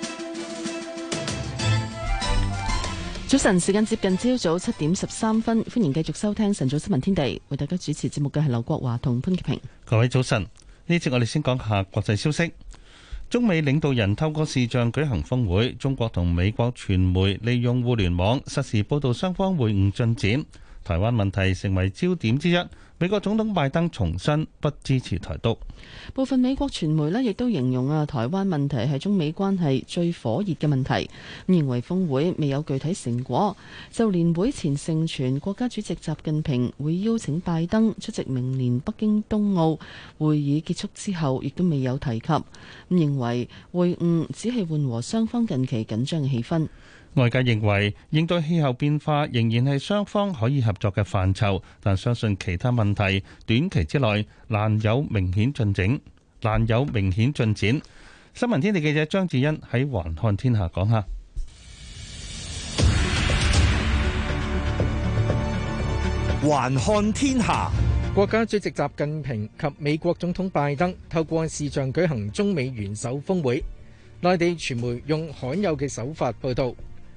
C: 早晨，時間接近朝早七點十三分，歡迎繼續收聽晨早新聞天地，為大家主持節目嘅係劉國華同潘潔平。
D: 各位早晨，呢節我哋先講下國際消息。中美領導人透過視像舉行峰會，中國同美國傳媒利用互聯網實時報道雙方會晤進展。台灣問題成為焦點之一，美國總統拜登重申不支持台獨。
C: 部分美國傳媒呢亦都形容啊，台灣問題係中美關係最火熱嘅問題，認為峰會未有具體成果，就連會前盛傳國家主席習近平會邀請拜登出席明年北京冬奧會議結束之後亦都未有提及，認為會晤只係緩和雙方近期緊張嘅氣氛。
D: 外界認為應對氣候變化仍然係雙方可以合作嘅範疇，但相信其他問題短期之內難有明顯進整，難有明顯進展。新聞天地記者張志欣，喺《環看天下》講下，《環看天下》
S: 國家主席習近平及美國總統拜登透過視像舉行中美元首峰會，內地傳媒用罕有嘅手法報道。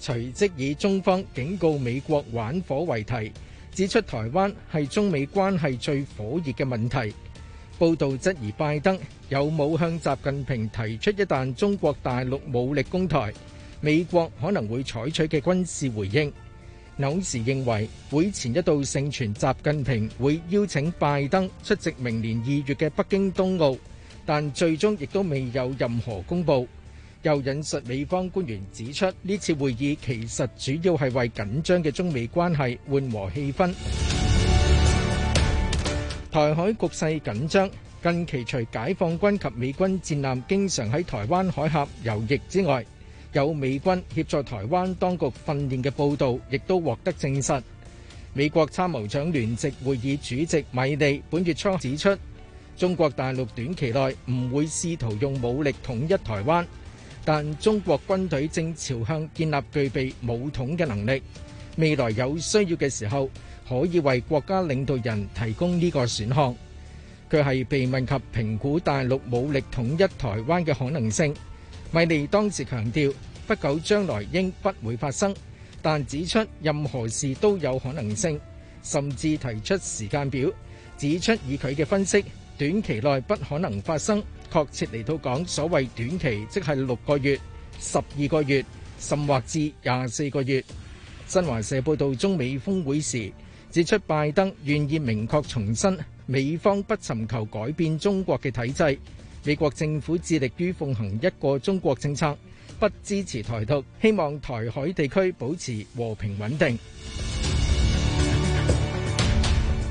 S: 隨即以中方警告美國玩火為題，指出台灣係中美關係最火熱嘅問題。報道質疑拜登有冇向習近平提出一旦中國大陸武力攻台，美國可能會採取嘅軍事回應。紐時認為會前一度盛傳習近平會邀請拜登出席明年二月嘅北京冬奧，但最終亦都未有任何公佈。又引述美方官員指出，呢次會議其實主要係為緊張嘅中美關係緩和氣氛。台海局勢緊張，近期除解放軍及美軍戰艦經常喺台灣海峽遊弋之外，有美軍協助台灣當局訓練嘅報導，亦都獲得證實。美國參謀長聯席會議主席米利本月初指出，中國大陸短期內唔會試圖用武力統一台灣。但中國軍隊正朝向建立具備武統嘅能力，未來有需要嘅時候可以為國家領導人提供呢個選項。佢係被問及評估大陸武力統一台灣嘅可能性，米利當時強調不久將來應不會發生，但指出任何事都有可能性，甚至提出時間表，指出以佢嘅分析，短期內不可能發生。確切嚟到講所謂短期，即係六個月、十二個月，甚或至廿四個月。新華社報道中美峰會時指出，拜登願意明確重申，美方不尋求改變中國嘅體制，美國政府致力於奉行一個中國政策，不支持台獨，希望台海地區保持和平穩定。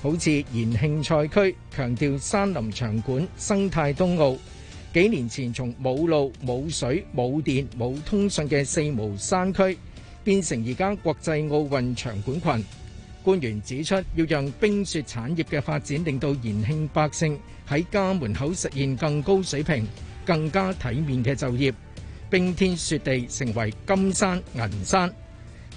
S: 好似延慶賽區強調山林場館生態冬奧，幾年前從冇路冇水冇電冇通訊嘅四無山區，變成而家國際奧運場館群。官員指出，要讓冰雪產業嘅發展令到延慶百姓喺家門口實現更高水平、更加體面嘅就業，冰天雪地成為金山銀山。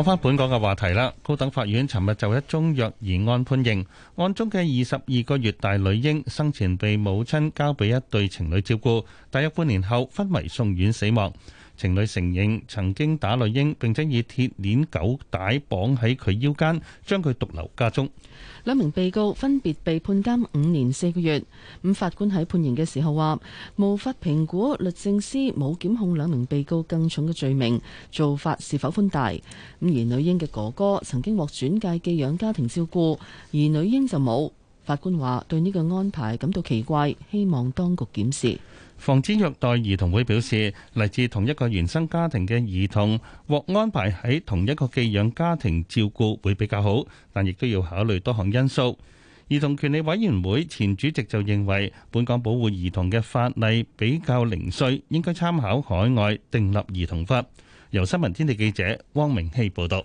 D: 講翻本港嘅話題啦，高等法院尋日就一宗虐兒案判刑，案中嘅二十二個月大女嬰生前被母親交俾一對情侶照顧，大約半年後昏迷送院死亡。情侶承認曾經打女嬰，並且以鐵鏈、狗帶綁喺佢腰間，將佢獨留家中。
C: 兩名被告分別被判監五年四個月。咁法官喺判刑嘅時候話，無法評估律政司冇檢控兩名被告更重嘅罪名，做法是否寬大。咁而女嬰嘅哥哥曾經獲轉介寄養家庭照顧，而女嬰就冇。法官話對呢個安排感到奇怪，希
D: 望當局檢視。防止虐待兒童會表示，嚟自同一個原生家庭嘅兒童，獲安排喺同一個寄養家庭照顧會比較好，但亦都要考慮多項因素。兒童權利委員會前主席就認為，本港保護兒童嘅法例比較零碎，應該參考海外訂立兒童法。由新聞天地記者汪明熙報道。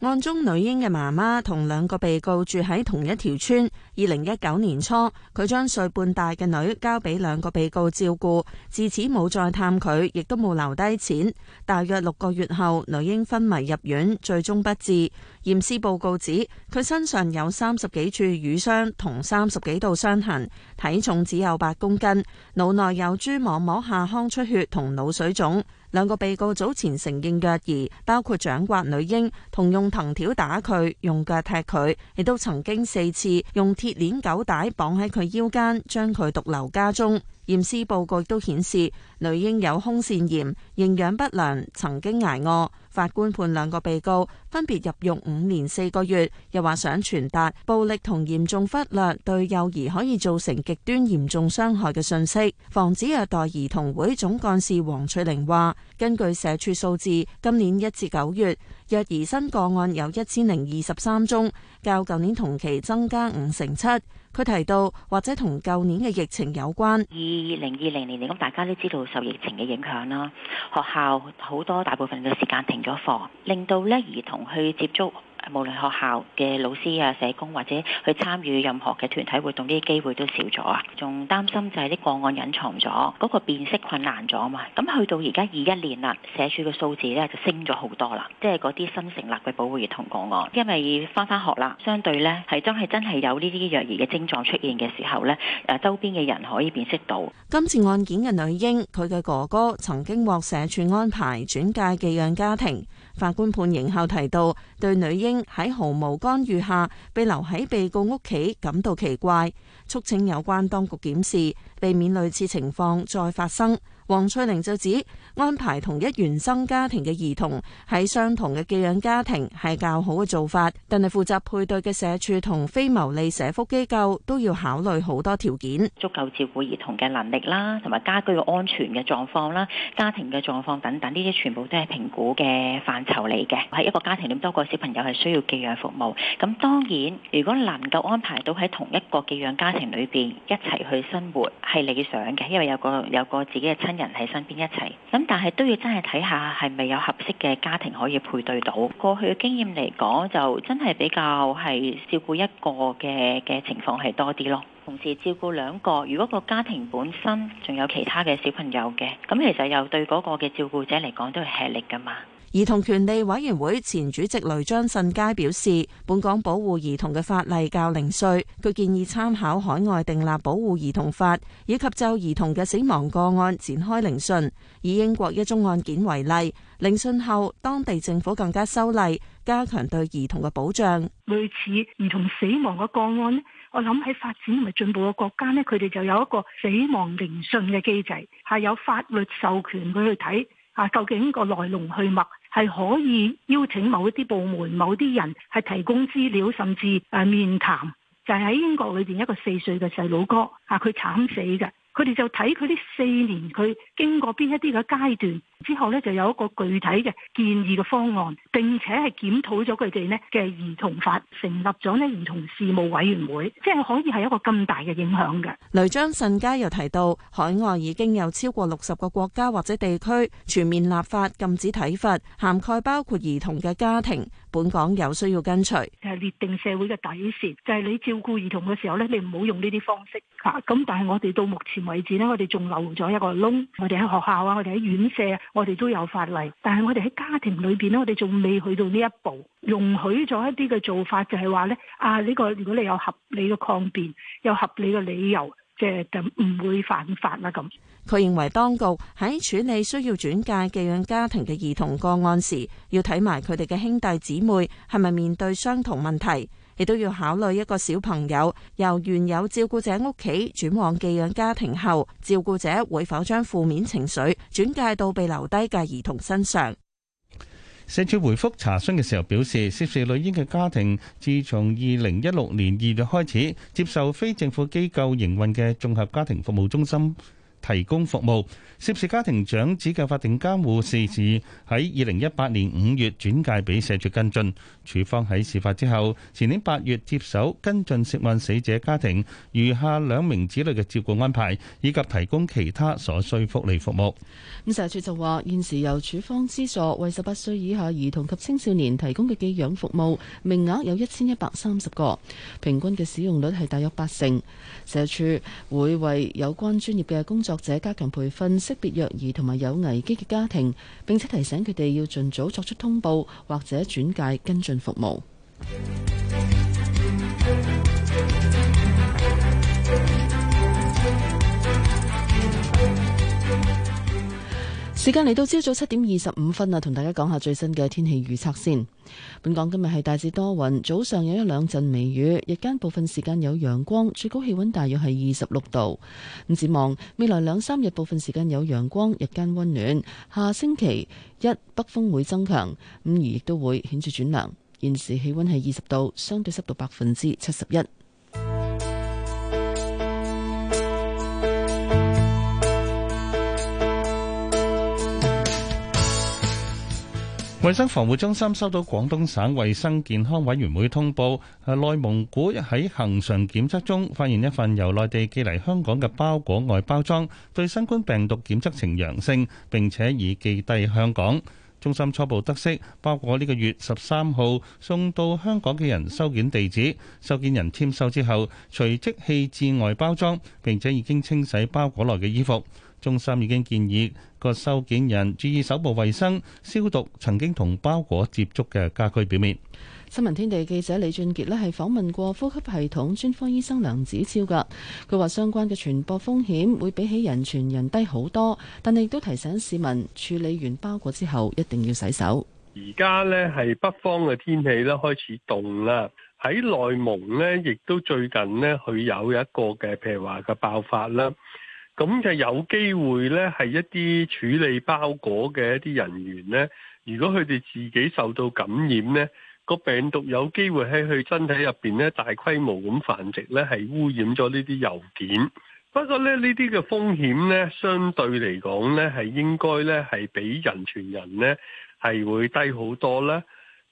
T: 案中女嬰嘅媽媽同兩個被告住喺同一條村。二零一九年初，佢將歲半大嘅女交俾兩個被告照顧，自此冇再探佢，亦都冇留低錢。大約六個月後，女嬰昏迷入院，最終不治。驗屍報告指，佢身上有三十幾處瘀傷同三十幾道傷痕，體重只有八公斤，腦內有蛛網膜下腔出血同腦水腫。兩個被告早前承認虐兒，包括掌摑女嬰同用藤條打佢，用腳踢佢，亦都曾經四次用鐵鏈狗帶綁喺佢腰間，將佢獨留家中。驗屍報告亦都顯示女嬰有胸腺炎、營養不良，曾經捱餓。法官判兩個被告分別入獄五年四個月，又話想傳達暴力同嚴重忽略對幼兒可以造成極端嚴重傷害嘅訊息。防止虐待兒童會總幹事黃翠玲話，根據社署數字，今年一至九月，虐兒新個案有一千零二十三宗，較舊年同期增加五成七。佢提到，或者同舊年嘅疫情有關。二零二零年嚟，咁大家都知道受疫情嘅影響啦，學校
I: 好多大部分嘅時間停咗課，令到呢兒童，去接觸無論學校嘅老師啊、社工或者去參與任何嘅團體活動，呢啲機會都少咗啊！仲擔心就係啲個案隱藏咗，嗰個辨識困難咗嘛！咁去到而家二一年啦，社署嘅數字咧就升咗好多啦，即係嗰啲新成立嘅保護兒童個案，因為翻返學啦，相對呢係都係真係有呢啲虐兒嘅症狀出現嘅時候呢，誒周邊嘅人可以辨識到。
T: 今次案件嘅女嬰，佢嘅哥哥曾經獲社署安排轉介寄養家庭。法官判刑後提到，對女嬰喺毫無干預下被留喺被告屋企感到奇怪，促請有關當局檢視，避免類似情況再發生。王翠玲就指安排同一原生家庭嘅兒童喺相同嘅寄養家庭係較好嘅做法，但係負責配對嘅社署同非牟利社福機構都要考慮好多條件，足夠照顧
I: 兒童嘅能力啦，同埋家居嘅安全嘅狀況啦、家庭嘅狀況等等，呢啲全部都係評估嘅範疇嚟嘅。喺一個家庭咁多個小朋友係需要寄養服務，咁當然如果能夠安排到喺同一個寄養家庭裏邊一齊去生活係理想嘅，因為有個有個自己嘅親人喺身邊一齊，咁但係都要真係睇下係咪有合適嘅家庭可以配對到。過去嘅經驗嚟講，就真係比較係照顧一個嘅嘅情況係多啲咯。同時照顧兩個，如果個家庭本身仲有其他嘅小朋友嘅，咁其實又對嗰個嘅照顧者嚟講都係
T: 吃力㗎嘛。兒童權利委員會前主席雷張信佳表示，本港保護兒童嘅法例較零碎，佢建議參考海外訂立保護兒童法，以及就兒童嘅死亡個案展開聆訊。以英國一宗案件為例，聆訊後當地政府更加修例，加強對兒童嘅保障。類似兒童死亡嘅個案咧，我諗喺發展同埋進步嘅國家咧，佢哋就有一個
L: 死亡聆訊嘅機制，係有法律授權佢去睇啊究竟個來龍去脈。係可以邀請某一啲部門、某啲人，係提供資料，甚至誒面談。就係喺英國裏邊一個四歲嘅細佬哥，啊，佢慘死嘅。佢哋就睇佢呢四年，佢經過邊一啲嘅階段之後咧，就有一個具體嘅建議嘅方案，並且係檢討咗佢哋咧嘅兒童法，成立咗咧兒童事務委員會，即係可以係一個咁大嘅影響嘅。
T: 雷張慎佳又提到，海外已經有超過六十個國家或者地區全面立法禁止體罰，涵蓋包括兒童嘅家庭。本港有需要跟隨，就係列定
L: 社會嘅底線，就係、是、你照顧兒童嘅時候咧，你唔好用呢啲方式吓，咁、嗯、但係我哋到目前。位置呢，我哋仲留咗一個窿。我哋喺學校啊，我哋喺院舍啊，我哋都有法例，但係我哋喺家庭裏邊呢，我哋仲未去到呢一步，容許咗一啲嘅做法，就係話呢啊呢個如果你有合理嘅抗辯，有合理嘅理由，即係就唔
T: 會犯法啦。咁佢認為當局喺處理需要轉介寄養家庭嘅兒童個案時，要睇埋佢哋嘅兄弟姊妹係咪面對相同問題。亦都要考慮一個小朋友由原有照顧者屋企轉往寄養家庭後，照顧者會否將負面情緒轉介到被留低嘅兒童身上。
D: 社署回覆查詢嘅時候表示，涉事女嬰嘅家庭自從二零一六年二月開始接受非政府機構營運嘅綜合家庭服務中心。提供服務，涉事家庭長子嘅法定監護事事喺二零一八年五月轉介俾社署跟進。署方喺事發之後，前年八月接手跟進涉案死者家庭餘下兩名子女嘅照顧安排，以及提供其他所需福利服務。
C: 咁社署就話，現時由署方資助為十八歲以下兒童及青少年提供嘅寄養服務，名額有一千一百三十個，平均嘅使用率係大約八成。社署會為有關專業嘅工作。或者加強培訓識別虐兒同埋有危機嘅家庭，並且提醒佢哋要儘早作出通報，或者轉介跟進服務。時間嚟到朝早七點二十五分啦，同大家講下最新嘅天氣預測先。本港今日係大致多雲，早上有一兩陣微雨，日間部分時間有陽光，最高氣溫大約係二十六度。咁展望未來兩三日部分時間有陽光，日間溫暖。下星期一北風會增強，午夜亦都會顯著轉冷。現時氣溫係二十度，相對濕度百分之七十一。
D: 衛生防護中心收到廣東省衛生健康委員會通報，內蒙古喺恒常檢測中發現一份由內地寄嚟香港嘅包裹外包裝，對新冠病毒檢測呈陽性，並且已寄遞香港。中心初步得悉，包裹呢個月十三號送到香港嘅人收件地址，收件人簽收之後，隨即棄置外包裝，並且已經清洗包裹內嘅衣服。中心已經建議各收件人注意手部衛生、消毒，曾經同包裹接觸嘅家居表面。
C: 新聞天地記者李俊傑呢，係訪問過呼吸系統專科醫生梁子超噶，佢話相關嘅傳播風險會比起人傳人低好多，但亦都提醒市民處理完包裹之後一定要洗手。
Q: 而家呢，係北方嘅天氣咧，開始凍啦，喺內蒙呢亦都最近呢，佢有一個嘅譬如話嘅爆發啦。咁就有機會呢，係一啲處理包裹嘅一啲人員呢。如果佢哋自己受到感染呢，個病毒有機會喺佢身體入邊呢，大規模咁繁殖呢，係污染咗呢啲郵件。不過呢，呢啲嘅風險呢，相對嚟講呢，係應該呢，係比人傳人呢，係會低好多呢。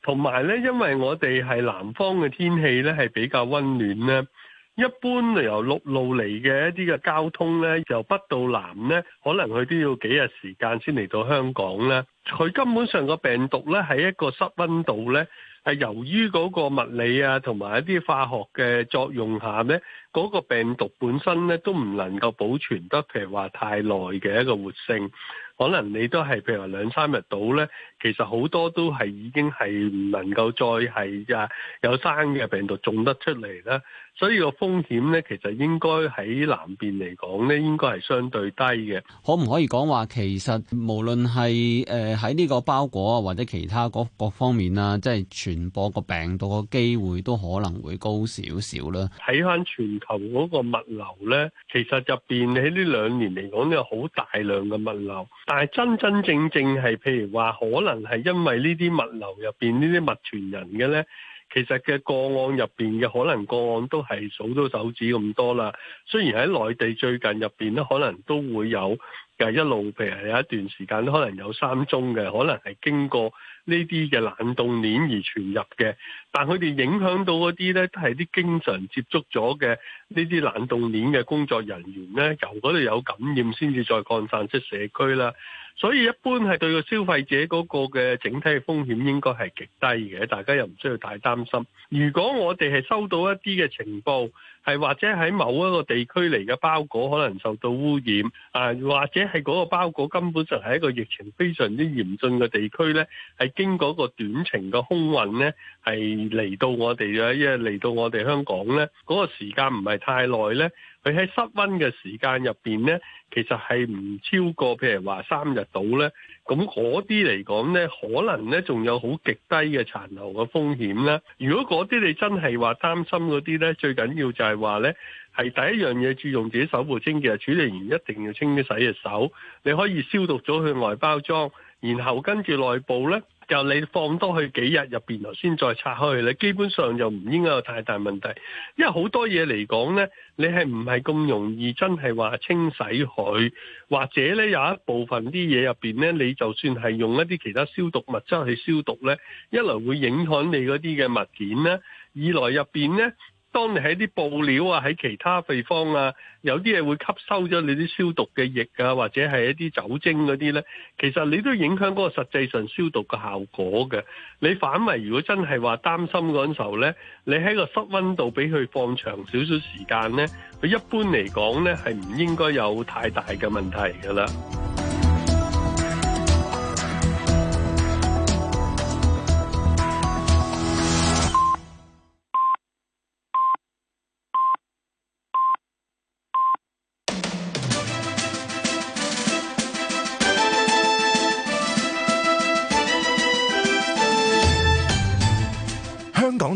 Q: 同埋呢，因為我哋係南方嘅天氣呢，係比較温暖呢。一般由陸路嚟嘅一啲嘅交通呢，由北到南呢，可能佢都要幾日時間先嚟到香港呢。佢根本上個病毒呢，喺一個室溫度呢，係由於嗰個物理啊同埋一啲化學嘅作用下呢，嗰個病毒本身呢都唔能夠保存得譬如話太耐嘅一個活性。可能你都係譬如話兩三日到呢，其實好多都係已經係唔能夠再係啊有生嘅病毒種得出嚟啦。所以個風險咧，其實應該喺南邊嚟講咧，應該係相對低嘅。
N: 可唔可以講話其實無論係誒喺呢個包裹啊，或者其他各方面啊，即係傳播個病毒嘅機會都可能會高少少啦。
Q: 睇翻全球嗰個物流咧，其實入邊喺呢兩年嚟講都有好大量嘅物流，但係真真正正係譬如話，可能係因為呢啲物流入邊呢啲物傳人嘅咧。其實嘅個案入邊嘅可能個案都係數到手指咁多啦。雖然喺內地最近入邊咧，可能都會有嘅一路，譬如係有一段時間可能有三宗嘅，可能係經過呢啲嘅冷凍鏈而傳入嘅。但佢哋影響到嗰啲咧，都係啲經常接觸咗嘅呢啲冷凍鏈嘅工作人員咧，由嗰度有感染先至再擴散出社區啦。所以一般係對個消費者嗰個嘅整體嘅風險應該係極低嘅，大家又唔需要太擔心。如果我哋係收到一啲嘅情報，係或者喺某一個地區嚟嘅包裹可能受到污染，啊或者係嗰個包裹根本上係一個疫情非常之嚴峻嘅地區咧，係經過個短程嘅空運咧，係嚟到我哋啊，一係嚟到我哋香港咧，嗰個時間唔係太耐咧。佢喺室溫嘅時間入邊呢，其實係唔超過譬如話三日到呢。咁嗰啲嚟講呢，可能呢仲有好極低嘅殘留嘅風險啦。如果嗰啲你真係話擔心嗰啲呢，最緊要就係話呢，係第一樣嘢注重自己手部清潔，處理完，一定要清潔洗隻手，你可以消毒咗佢外包裝，然後跟住內部呢。就你放多去幾日入邊頭先再拆開佢呢，基本上就唔應該有太大問題。因為好多嘢嚟講呢，你係唔係咁容易真係話清洗佢，或者呢，有一部分啲嘢入邊呢，你就算係用一啲其他消毒物質去消毒呢，一來會影響你嗰啲嘅物件呢，二來入邊呢。當你喺啲布料啊，喺其他地方啊，有啲嘢會吸收咗你啲消毒嘅液啊，或者係一啲酒精嗰啲呢。其實你都影響嗰個實際上消毒嘅效果嘅。你反為如果真係話擔心嗰陣時候呢，你喺個室溫度俾佢放長少少時間呢，佢一般嚟講呢，係唔應該有太大嘅問題㗎啦。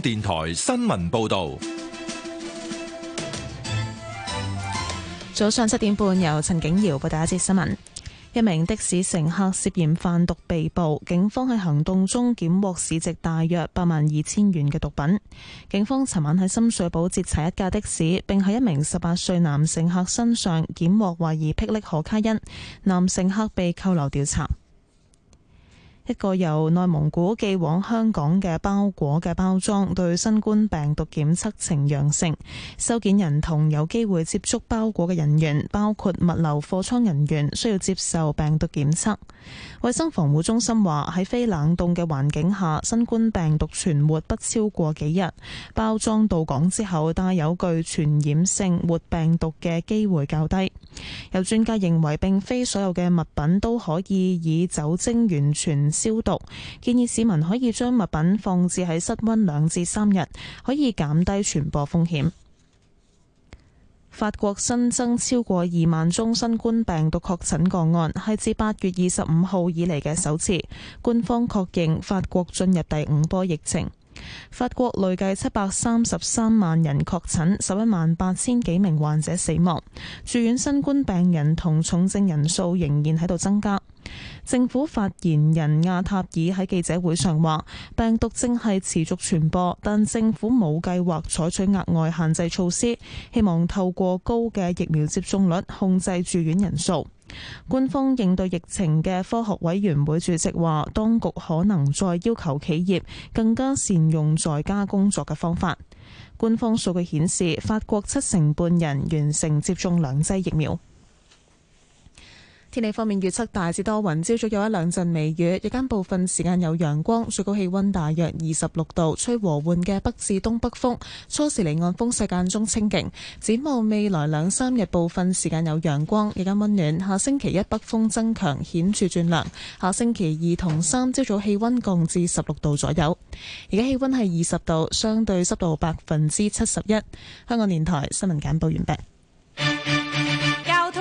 A: 電台新聞報道：
K: 早上七點半，由陳景堯報第一節新聞。一名的士乘客涉嫌販毒被捕，警方喺行動中檢獲市值大約八萬二千元嘅毒品。警方尋晚喺深水埗截查一架的士，並喺一名十八歲男乘客身上檢獲懷疑霹靂可卡因，男乘客被扣留調查。一個由內蒙古寄往香港嘅包裹嘅包裝對新冠病毒檢測呈陽性，收件人同有機會接觸包裹嘅人員，包括物流貨倉人員，需要接受病毒檢測。衛生防護中心話喺非冷凍嘅環境下，新冠病毒存活不超過幾日，包裝到港之後帶有具傳染性活病毒嘅機會較低。有專家認為，並非所有嘅物品都可以以酒精完全，消毒，建議市民可以將物品放置喺室溫兩至三日，可以減低傳播風險。法國新增超過二萬宗新冠病毒確診個案，係自八月二十五號以嚟嘅首次，官方確認法國進入第五波疫情。法國累計七百三十三萬人確診，十一萬八千幾名患者死亡，住院新冠病人同重症人數仍然喺度增加。政府發言人亞塔爾喺記者會上話，病毒正係持續傳播，但政府冇計劃採取額外限制措施，希望透過高嘅疫苗接種率控制住院人數。官方應對疫情嘅科學委員會主席話，當局可能再要求企業更加善用在家工作嘅方法。官方數據顯示，法國七成半人完成接種兩劑疫苗。天氣方面預測大致多雲，朝早有一兩陣微雨，日間部分時間有陽光，最高氣温大約二十六度，吹和緩嘅北至東北風，初時離岸風勢間中清勁。展望未來兩三日部分時間有陽光，日間溫暖。下星期一北風增強，顯著轉涼。下星期二同三朝早氣溫降至十六度左右。而家氣溫係二十度，相對濕度百分之七十一。香港電台新聞簡報完畢。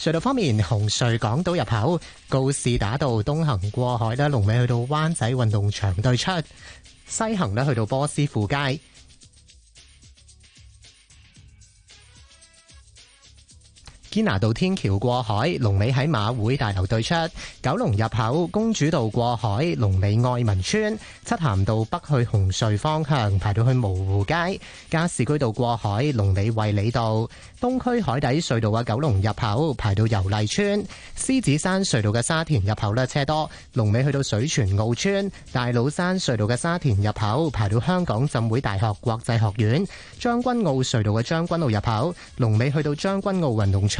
M: 隧道方面，紅隧港島入口告士打道東行過海咧，龍尾去到灣仔運動場對出；西行咧去到波斯富街。堅拿道天橋過海，龍尾喺馬會大樓對出；九龍入口公主道過海，龍尾愛民村；漆咸道北去紅隧方向，排到去蕪湖街；加士居道過海，龍尾衛理道；東區海底隧道嘅九龍入口，排到油麗村；獅子山隧道嘅沙田入口咧車多，龍尾去到水泉澳村；大老山隧道嘅沙田入口，排到香港浸會大學國際學院；將軍澳隧道嘅將軍澳入口，龍尾去到將軍澳運動場。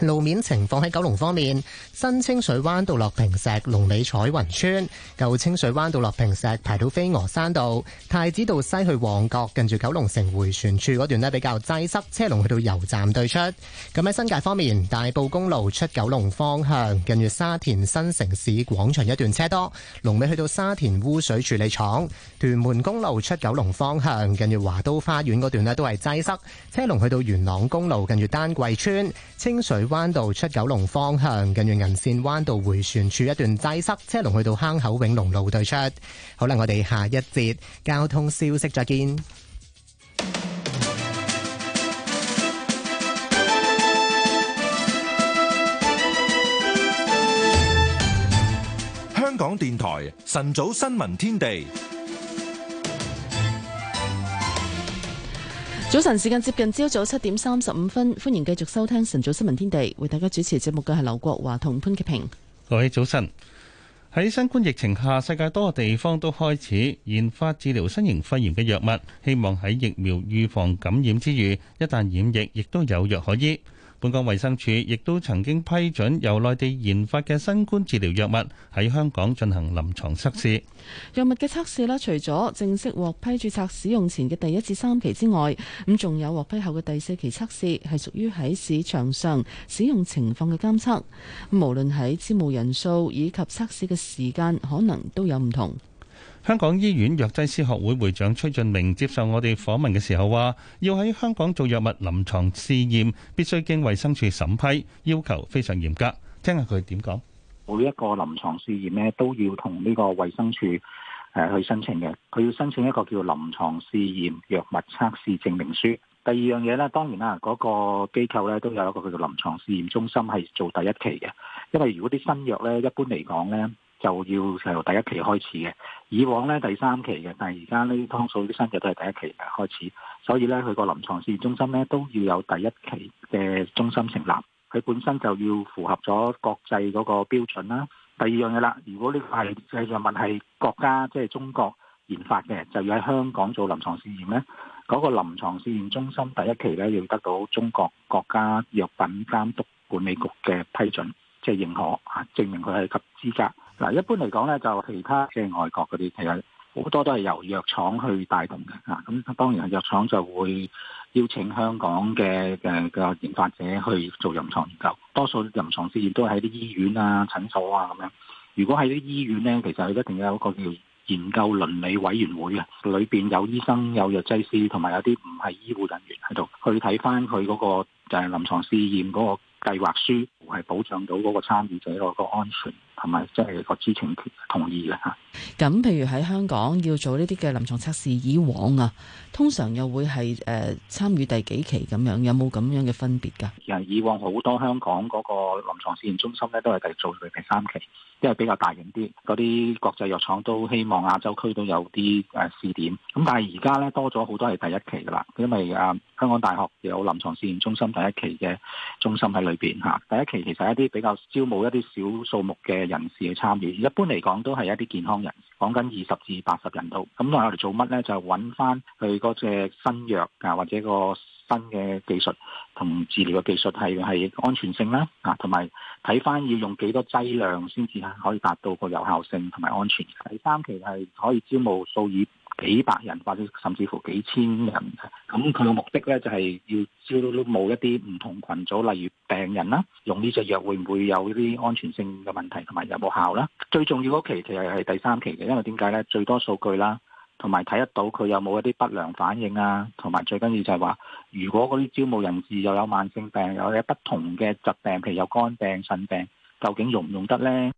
M: 路面情況喺九龍方面，新清水灣到落坪石，龍尾彩雲村、舊清水灣到落坪石排到飛鵝山道、太子道西去旺角，近住九龍城迴旋處段呢，比較擠塞，車龍去到油站對出。咁喺新界方面，大埔公路出九龍方向，近住沙田新城市廣場一段車多，龍尾去到沙田污水處理廠。屯門公路出九龍方向，近住華都花園段呢，都係擠塞，車龍去到元朗公路，近住丹桂村、清水灣道出九龍方向，近住銀線灣道回旋處一段擠塞，車龍去到坑口永隆路對出。好啦，我哋下一節交通消息再見。
A: 香港電台晨早新聞天地。
C: 早晨時間接近朝早七點三十五分，歡迎繼續收聽晨早新聞天地，為大家主持節目嘅係劉國華同潘潔平。
D: 各位早晨！喺新冠疫情下，世界多個地方都開始研發治療新型肺炎嘅藥物，希望喺疫苗預防感染之餘，一旦染疫，亦都有藥可醫。本港衛生署亦都曾經批准由內地研發嘅新冠治療藥物喺香港進行臨床測試。
C: 藥物嘅測試咧，除咗正式獲批註冊使用前嘅第一至三期之外，咁仲有獲批後嘅第四期測試，係屬於喺市場上使用情況嘅監測。無論喺招募人數以及測試嘅時間，可能都有唔
D: 同。香港醫院藥劑師學會會長崔俊明接受我哋訪問嘅時候話，要喺香港做藥物臨牀試驗，必須經衛生署審批，要求非常嚴格。聽下佢點講。
U: 每一個臨牀試驗呢，都要同呢個衛生署誒去申請嘅。佢要申請一個叫臨牀試驗藥物測試證明書。第二樣嘢呢，當然啦，嗰個機構呢都有一個叫做臨牀試驗中心，係做第一期嘅。因為如果啲新藥呢，一般嚟講呢，就要由第一期開始嘅。以往咧第三期嘅，但係而家呢啲湯數啲新嘅都係第一期嘅開始，所以咧佢個臨床試驗中心咧都要有第一期嘅中心成立，佢本身就要符合咗國際嗰個標準啦。第二樣嘢啦，如果呢個係藥物係國家即係、就是、中國研發嘅，就要喺香港做臨床試驗咧，嗰、那個臨床試驗中心第一期咧要得到中國國家藥品監督管理局嘅批准，即係認可吓，證明佢係及資格。嗱，一般嚟講咧，就其他即外國嗰啲，其實好多都係由藥廠去帶動嘅。啊，咁當然係藥廠就會邀請香港嘅嘅嘅研發者去做臨床研究。多數臨床試驗都係喺啲醫院啊、診所啊咁樣。如果喺啲醫院咧，其實佢一定要有一個叫研究倫理委員會啊，裏邊有醫生、有藥劑師同埋有啲唔係醫護人員喺度，去睇翻佢嗰個就係、是、臨床試驗嗰個計劃書，係保障到嗰個參與者嗰個安全。係咪即係個知情同意嘅嚇？
C: 咁譬如喺香港要做呢啲嘅臨床測試，以往啊，通常又會係誒、呃、參與第幾期咁樣？有冇咁樣嘅分別㗎？而
U: 係以往好多香港嗰個臨床試驗中心咧，都係做佢第三期，因為比較大型啲，嗰啲國際藥廠都希望亞洲區都有啲誒試點。咁但係而家咧，多咗好多係第一期㗎啦，因為啊、呃，香港大學有臨床試驗中心第一期嘅中心喺裏邊嚇，第一期其實一啲比較招募一啲小數目嘅。人士去參與，一般嚟講都係一啲健康人，講緊二十至八十人度。咁我哋做乜呢？就揾翻佢嗰隻新藥啊，或者個新嘅技術同治療嘅技術係係安全性啦，啊，同埋睇翻要用幾多劑量先至可以達到個有效性同埋安全。第三期係可以招募數以幾百人或者甚至乎幾千人，咁佢嘅目的呢，就係要招募一啲唔同群組，例如病人啦，用呢隻藥會唔會有一啲安全性嘅問題，同埋有冇效啦？最重要嗰期其實係第三期嘅，因為點解呢？最多數據啦，同埋睇得到佢有冇一啲不良反應啊，同埋最緊要就係話，如果嗰啲招募人士又有慢性病，又有不同嘅疾病，譬如有肝病、腎病，究竟用唔用得呢？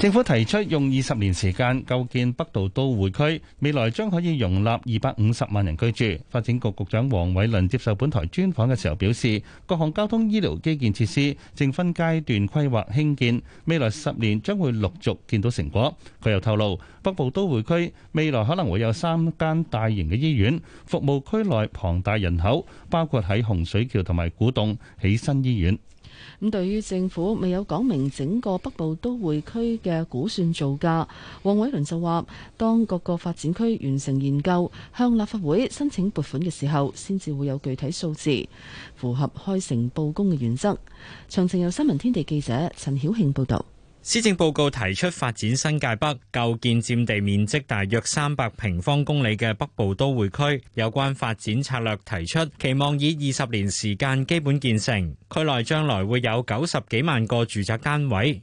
D: 政府提出用二十年時間構建北部都會區，未來將可以容納二百五十萬人居住。發展局局長黃偉綸接受本台專訪嘅時候表示，各項交通、醫療基建設施正分階段規劃興建，未來十年將會陸續見到成果。佢又透露，北部都會區未來可能會有三間大型嘅醫院，服務區內龐大人口，包括喺洪水橋同埋古洞起新醫院。
C: 咁對於政府未有講明整個北部都會區嘅估算造價，黃偉綸就話：當各個發展區完成研究，向立法會申請撥款嘅時候，先至會有具體數字，符合開誠布公嘅原則。詳情由新聞天地記者陳曉慶報導。
H: 施政報告提出發展新界北，構建佔地面積大約三百平方公里嘅北部都會區。有關發展策略提出期望以二十年時間基本建成，區內將來會有九十幾萬個住宅單位。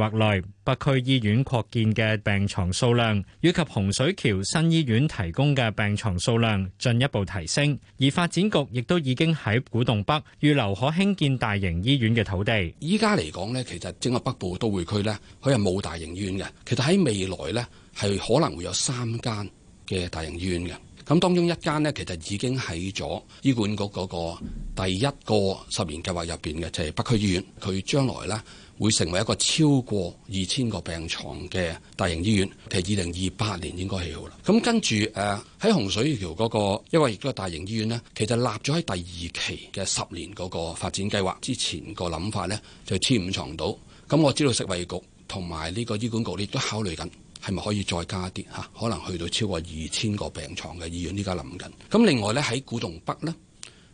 H: 劃內北區醫院擴建嘅病床數量，以及洪水橋新醫院提供嘅病床數量進一步提升，而發展局亦都已經喺古洞北預留可興建大型醫院嘅土地。
R: 依家嚟講呢，其實整個北部都會區呢，佢係冇大型醫院嘅。其實喺未來呢，係可能會有三間嘅大型醫院嘅。咁當中一間呢，其實已經喺咗醫管局嗰個第一個十年計劃入邊嘅，就係北區醫院。佢將來呢。會成為一個超過二千個病床嘅大型醫院，其實二零二八年應該起好啦。咁跟住誒喺洪水橋嗰、那個，因為亦都係大型醫院呢，其實立咗喺第二期嘅十年嗰個發展計劃之前個諗法呢，就係千五床度。咁、嗯、我知道食衞局同埋呢個醫管局咧都考慮緊，係咪可以再加啲嚇、啊？可能去到超過二千個病床嘅醫院，呢家諗緊。咁、嗯、另外呢，喺古洞北呢。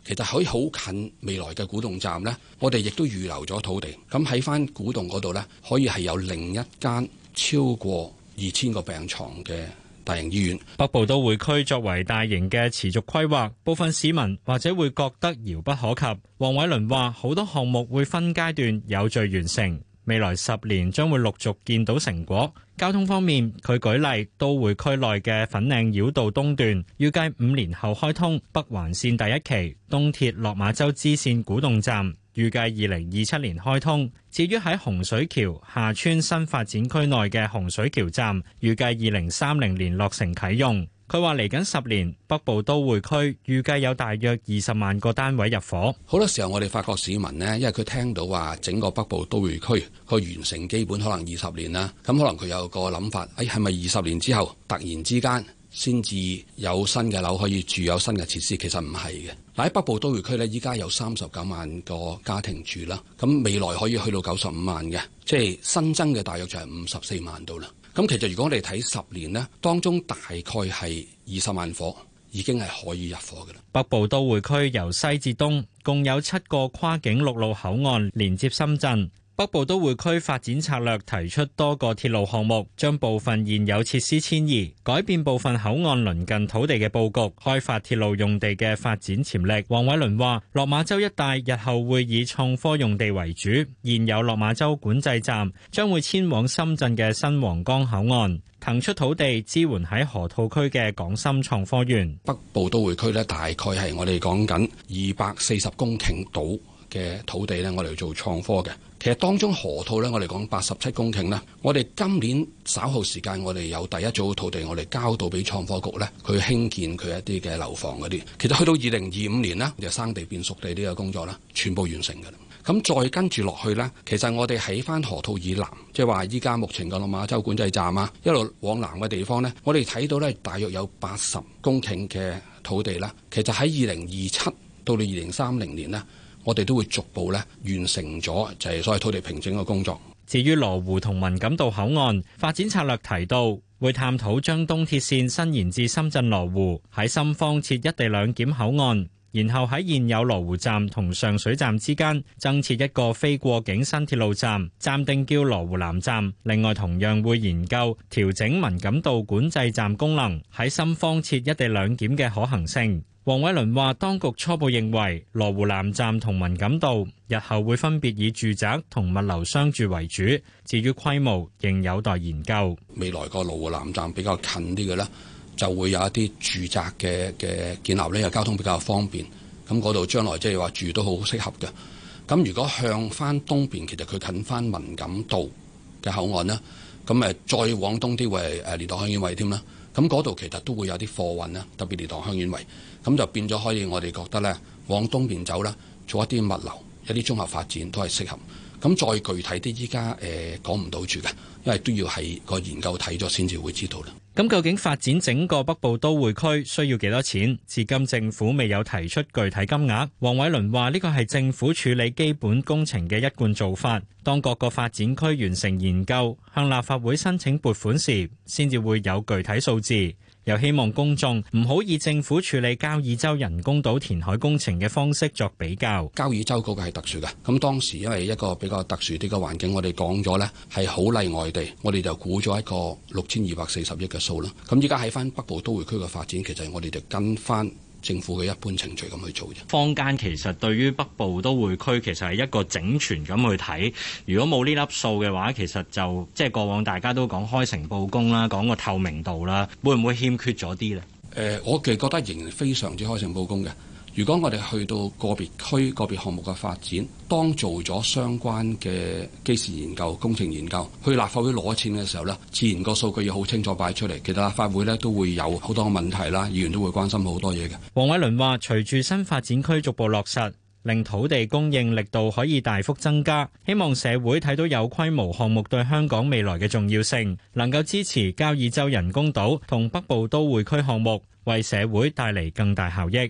R: 其實可以好近未來嘅古洞站呢，我哋亦都預留咗土地。咁喺返古洞嗰度呢，可以係有另一間超過二千個病床嘅
H: 大型醫院。北部都會區作為大型嘅持續規劃，部分市民或者會覺得遙不可及。黃偉綸話：好多項目會分階段有序完成。未來十年將會陸續見到成果。交通方面，佢舉例，都會區內嘅粉嶺繞道東段，預計五年後開通；北環綫第一期、東鐵落馬洲支綫古洞站，預計二零二七年開通；至於喺洪水橋廈村新發展區內嘅洪水橋站，預計二零三零年落成啟用。佢話嚟緊十年北部都會區預計有大約二十萬個單位入伙。
R: 好多時候我哋發覺市民呢，因為佢聽到話整個北部都會區個完成基本可能二十年啦，咁可能佢有個諗法，誒係咪二十年之後突然之間先至有新嘅樓可以住，有新嘅設施？其實唔係嘅。但喺北部都會區呢，依家有三十九萬個家庭住啦，咁未來可以去到九十五萬嘅，即係新增嘅大約就係五十四萬到啦。咁其實如果我哋睇十年呢，當中大概係二十萬伙已經係可以入伙㗎喇。
H: 北部都會區由西至東，共有七個跨境陸路口岸連接深圳。北部都會區發展策略提出多個鐵路項目，將部分現有設施遷移，改變部分口岸鄰近土地嘅佈局，開發鐵路用地嘅發展潛力。黃偉倫話，落馬洲一帶日後會以創科用地為主，現有落馬洲管制站將會遷往深圳嘅新皇崗口岸，騰出土地支援喺河套區嘅港深創科園。
R: 北部都會區呢，大概係我哋講緊二百四十公頃到，嘅土地呢，我哋做創科嘅。其實當中河套呢，我哋講八十七公頃呢。我哋今年稍後時間，我哋有第一組土地，我哋交到俾創科局呢，佢興建佢一啲嘅樓房嗰啲。其實去到二零二五年呢，就生地變熟地呢個工作呢，全部完成㗎。咁再跟住落去呢，其實我哋喺翻河套以南，即係話依家目前嘅落馬洲管制站啊，一路往南嘅地方呢，我哋睇到呢，大約有八十公頃嘅土地啦。其實喺二零二七到到二零三零年呢，我哋都會逐步咧，完成咗就係所謂土地平整嘅工作。至於羅湖同文錦道口岸發展策略提到，
H: 會探討將東鐵線伸延至深圳羅湖，喺深方設一地兩檢口岸，然後喺現有羅湖站同上水站之間增設一個非過境新鐵路站，暫定叫羅湖南站。另外，同樣會研究調整文錦道管制站功能，喺深方設一地兩檢嘅可行性。黃偉倫話：當局初步認為羅湖南站同文錦渡日後會分別以住
R: 宅同物流商住為主，至於規模仍有待研究。未來個羅湖南站比較近啲嘅呢，就會有一啲住宅嘅嘅建立呢個交通比較方便。咁嗰度將來即係話住都好適合㗎。咁如果向翻東邊，其實佢近翻文錦渡嘅口岸啦。咁誒再往東啲會係誒蓮塘香園圍添啦。咁嗰度其實都會有啲貨運啦，特別蓮塘香園圍。咁就變咗可以，我哋覺得咧，往東邊走啦，做一啲物流、一啲綜合發展都係適合。咁再具體啲，依家誒講唔到住嘅，因為都要係個研究睇咗先至會知道啦。
H: 咁、嗯、究竟發展整個北部都會區需要幾多錢？至今政府未有提出具體金額。黃偉倫話：呢個係政府處理基本工程嘅一貫做法。當各個發展區完成研究，向立法會申請撥款時，先至會有具體數字。又希望公眾唔好以政府處理交椅洲人
R: 工島填海工程嘅方式作比較。交椅洲嗰個係特殊嘅，咁當時因為一個比較特殊啲嘅環境，我哋講咗呢係好例外地，我哋就估咗一個六千二百四十億嘅數啦。咁依家喺返北部都會區嘅發展，其實我哋就跟返。政府嘅一般程序咁去做啫。
H: 坊間其實對於北部都會區其實係一個整全咁去睇。如果冇呢粒數嘅話，其實就即係過往大家都講開誠布公啦，講
R: 個透明度啦，會唔會欠缺咗啲呢？誒、呃，我其實覺得仍然非常之開誠布公嘅。如果我哋去到個別區個別項目嘅發展，當做咗相關嘅基械研究、工程研究，去立法會攞錢嘅時候咧，自然個數據要好清楚擺出嚟。其他立法會咧都會有好多問題啦，議員都會關心好多嘢嘅。黃偉倫話，
H: 隨住新發展區逐步落實，令土地供應力度可以大幅增加，希望社會睇到有規模項目對香港未來嘅重要性，能夠支持交椅洲人工島同北部都會區項目，為社會帶嚟更大效益。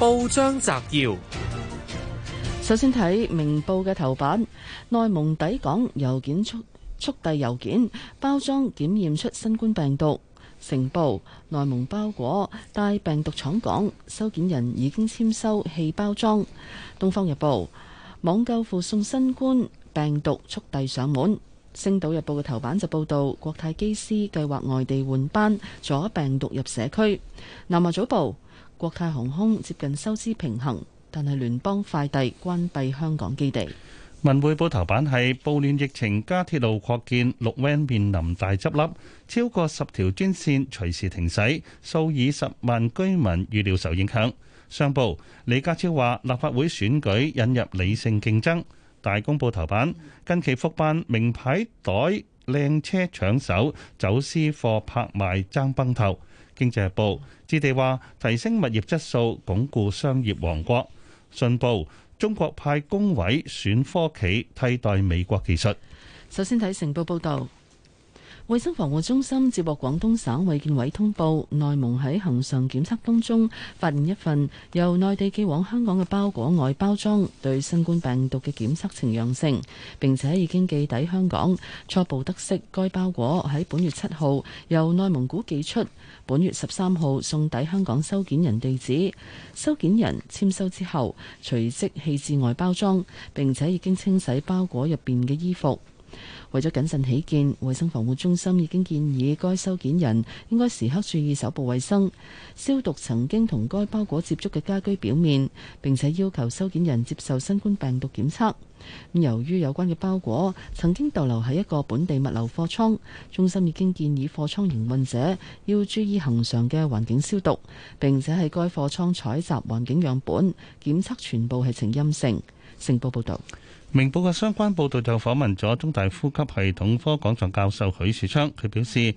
D: 報章摘要：
C: 首先睇明報嘅頭版，內蒙抵港郵件速速遞郵件包裝檢驗出新冠病毒，成報內蒙包裹帶病毒闖港，收件人已經簽收棄包裝。東方日報網購附送新冠病毒速遞上門。星島日報嘅頭版就報道國泰機師計劃外地換班阻病毒入社區。南華早報。國泰航空接近收支平衡，但係聯邦快遞關
D: 閉香港基地。文匯報頭版係暴亂疫情加鐵路擴建，六安面臨大執笠，超過十條專線隨時停駛，數以十萬居民預料受影響。商報李家超話立法會選舉引入理性競爭。大公報頭版近期復辦名牌袋靚車搶手，走私貨拍賣爭崩頭。經濟日報：置地話提升物業質素，鞏固商業王國。信報：中國派工委選科企，替代美國技術。首先睇成報報道。
C: 衛生防護中心接獲廣東省衛健委通報，內蒙喺恆常檢測當中發現一份由內地寄往香港嘅包裹外包裝對新冠病毒嘅檢測呈陽性，並且已經寄抵香港。初步得悉，該包裹喺本月七號由內蒙古寄出，本月十三號送抵香港收件人地址，收件人簽收之後，隨即棄置外包裝，並且已經清洗包裹入邊嘅衣服。為咗謹慎起見，衛生防護中心已經建議該收件人應該時刻注意手部衛生，消毒曾經同該包裹接觸嘅家居表面，並且要求收件人接受新冠病毒檢測。由於有關嘅包裹曾經逗留喺一個本地物流貨倉，中心已經建議貨倉營運者要注意恒常嘅環境消毒，並且喺該貨倉採集環境樣本檢測，全部係呈陰性。成報報道。
D: 明報嘅相關報導就訪問咗中大呼吸系統科講座教授許樹昌，佢表示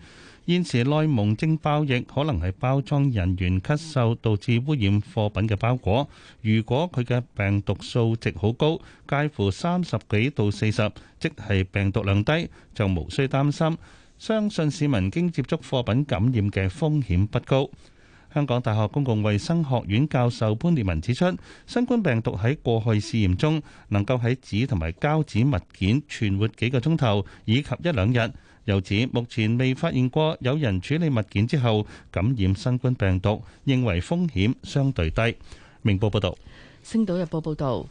D: 現時內蒙正爆疫，可能係包裝人員咳嗽導致污染貨品嘅包裹。如果佢嘅病毒數值好高，介乎三十幾到四十，即係病毒量低，就無需擔心。相信市民經接觸貨品感染嘅風險不高。香港大學公共衛生學院教授潘烈文指出，新冠病毒喺過去試驗中能夠喺紙同埋膠紙物件存活幾個鐘頭以及一兩日，又指目前未發現過有人處理物件之後感染新冠病毒，認為風險相對低。明報報道，
C: 星島日報報道。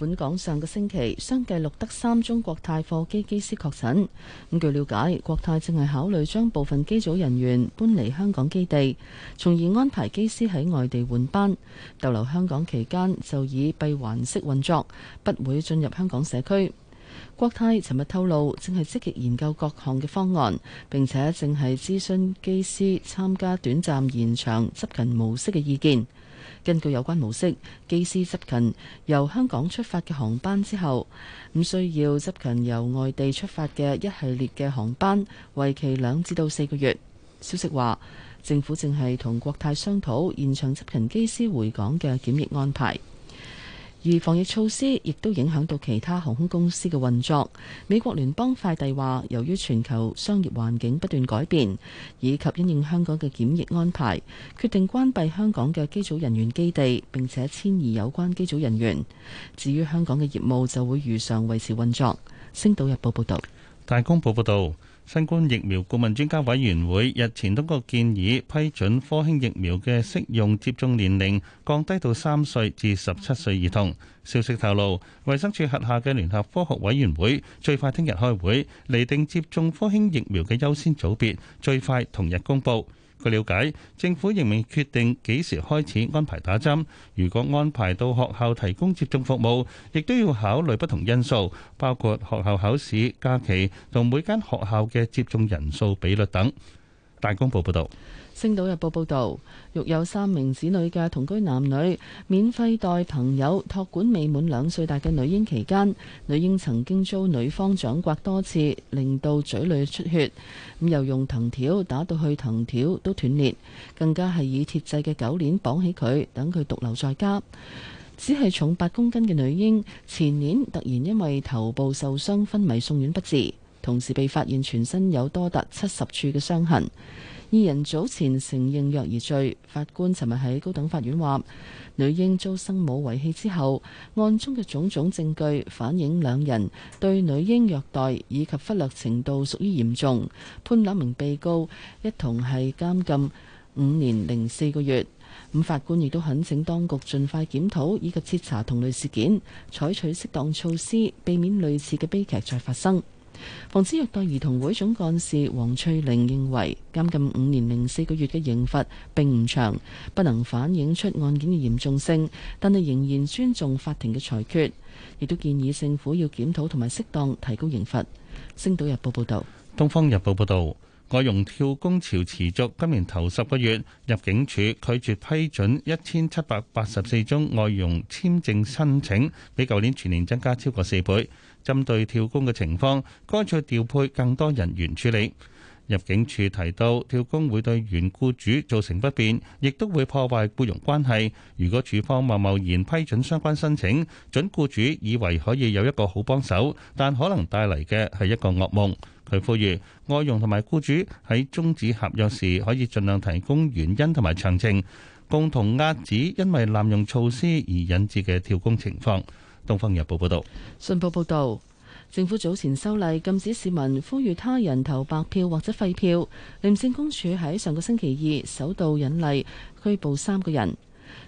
C: 本港上個星期相繼錄得三宗國泰貨機機師確診。咁據了解，國泰正係考慮將部分機組人員搬離香港基地，從而安排機師喺外地換班。逗留香港期間就以閉環式運作，不會進入香港社區。國泰尋日透露，正係積極研究各項嘅方案，並且正係諮詢機師參加短暫延長執勤模式嘅意見。根據有關模式，機師執勤由香港出發嘅航班之後，唔需要執勤由外地出發嘅一系列嘅航班，為期兩至到四個月。消息話，政府正係同國泰商討現場執勤機師回港嘅檢疫安排。而防疫措施亦都影響到其他航空公司嘅運作。美國聯邦快遞話，由於全球商業環境不斷改變，以及因應香港嘅檢疫安排，決定關閉香港嘅機組人員基地，並且遷移有關機組人員，至於香港嘅業務就會如常維持運作。星島日報報道，
D: 大公報報道。新冠疫苗顧問專家委員會日前通過建議，批准科興疫苗嘅適用接種年齡降低到三歲至十七歲兒童。消息透露，衛生署轄下嘅聯合科學委員會最快聽日開會，釐定接種科興疫苗嘅優先組別，最快同日公布。據了解，政府仍未決定幾時開始安排打針。如果安排到學校提供接種服務，亦都要考慮不同因素，包括學校考試、假期同每間學校嘅接種人數比率等。大公報報道。
C: 星島日報報道，育有三名子女嘅同居男女，免費代朋友托管未滿兩歲大嘅女嬰期間，女嬰曾經遭女方掌摑多次，令到嘴裏出血，咁又用藤條打到去藤條都斷裂，更加係以鐵製嘅狗鏈綁起佢，等佢獨留在家。只係重八公斤嘅女嬰，前年突然因為頭部受傷昏迷送院不治，同時被發現全身有多達七十處嘅傷痕。二人早前承認虐兒罪，法官尋日喺高等法院話：女嬰遭生母遺棄之後，案中嘅種種證據反映兩人對女嬰虐待以及忽略程度屬於嚴重，判兩名被告一同係監禁五年零四個月。咁法官亦都懇請當局盡快檢討以及徹查同類事件，採取適當措施，避免類似嘅悲劇再發生。防止虐待兒童會總幹事黃翠玲認為，監禁五年零四個月嘅刑罰並唔長，不能反映出案件嘅嚴重性，但係仍然尊重法庭嘅裁決，亦都建議政府要檢討同埋適當提高刑罰。《星島日報》
D: 報道。《東方日報》報道，外傭跳工潮持續，今年頭十個月，入境處拒絕批准一千七百八十四宗外傭簽證申請，比舊年全年增加超過四倍。針對跳工嘅情況，乾脆調配更多人員處理。入境處提到，跳工會對原僱主造成不便，亦都會破壞僱傭關係。如果處方貿貿然批准相關申請，準僱主以為可以有一個好幫手，但可能帶嚟嘅係一個噩夢。佢呼籲外傭同埋僱主喺終止合約時，可以盡量提供原因同埋詳情，共同遏止因為濫用措施而引致嘅跳工情況。《東方日報》報導，
C: 《信報》報導，政府早前修例禁止市民呼籲他人投白票或者廢票。廉政公署喺上個星期二首度引例拘捕三個人。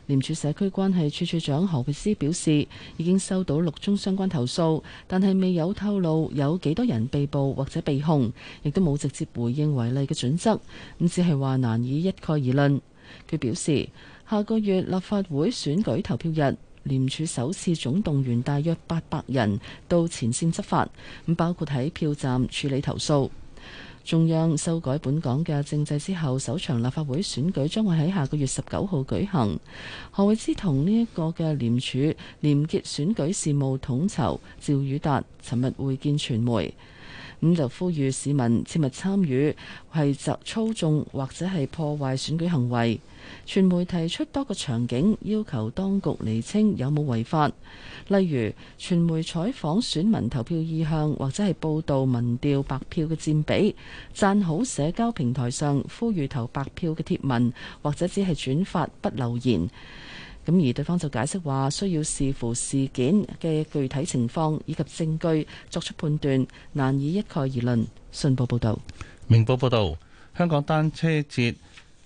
C: 廉署社區關係處處長何佩斯表示，已經收到六宗相關投訴，但係未有透露有幾多人被捕或者被控，亦都冇直接回應違例嘅準則，咁只係話難以一概而論。佢表示，下個月立法會選舉投票日。廉署首次總動員大約八百人到前線執法，咁包括喺票站處理投訴。中央修改本港嘅政制之後，首場立法會選舉將會喺下個月十九號舉行。何惠芝同呢一個嘅廉署廉潔選舉事務統籌趙宇達尋日會見傳媒，咁就呼籲市民切勿參與係集操縱或者係破壞選舉行為。傳媒提出多個場景，要求當局釐清有冇違法，例如傳媒採訪選民投票意向，或者係報導民調白票嘅佔比，讚好社交平台上呼籲投白票嘅貼文，或者只係轉發不留言。咁而對方就解釋話，需要視乎事件嘅具體情況以及證據作出判斷，難以一概而論。信報報導，
D: 明報報導，香港單車節。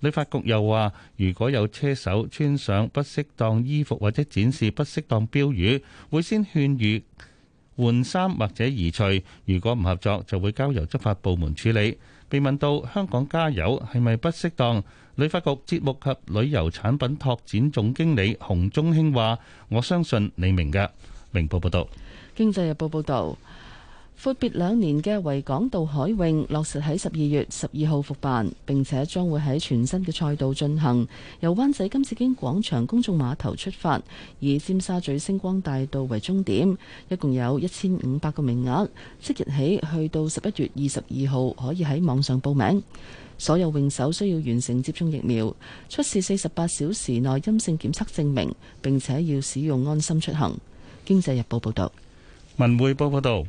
D: 旅發局又話，如果有車手穿上不適當衣服或者展示不適當標語，會先勸喻換衫或者移除。如果唔合作，就會交由執法部門處理。被問到香港加油係咪不適當，旅發局節目及旅遊產品拓展總經理洪中興話：我相信你明㗎。明報報道，
C: 經濟日報報道。闊別兩年嘅維港渡海泳，落實喺十二月十二號復辦，並且將會喺全新嘅賽道進行，由灣仔金紫荊廣場公眾碼頭出發，以尖沙咀星光大道為終點，一共有一千五百個名額。即日起去到十一月二十二號可以喺網上報名。所有泳手需要完成接種疫苗，出示四十八小時內陰性檢測證明，並且要使用安心出行。經濟日報報道。
D: 文匯報報導。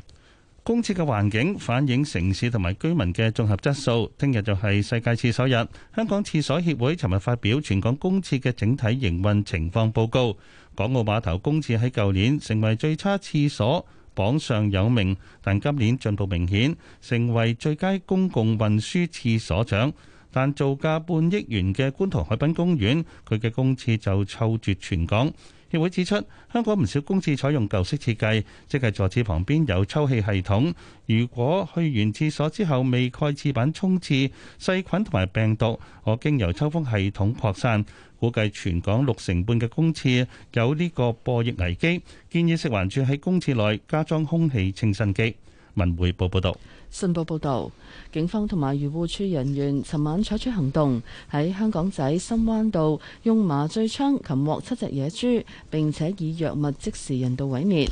D: 公廁嘅環境反映城市同埋居民嘅綜合質素。聽日就係世界廁所日，香港廁所協會尋日發表全港公廁嘅整體營運情況報告。港澳碼頭公廁喺舊年成為最差廁所，榜上有名，但今年進步明顯，成為最佳公共運輸廁所獎。但造價半億元嘅觀塘海濱公園，佢嘅公廁就臭絕全港。協會指出，香港唔少公廁採用舊式設計，即係坐廁旁邊有抽氣系統。如果去完廁所之後未蓋廁板沖廁，細菌同埋病毒可經由抽風系統擴散。估計全港六成半嘅公廁有呢個播疫危機，建議食環署喺公廁內加裝空氣清新機。文匯報報道。
C: 信報報導，警方同埋漁護處人員尋晚採取行動，喺香港仔深灣道用麻醉槍擒獲七隻野豬，並且以藥物即時人道毀滅。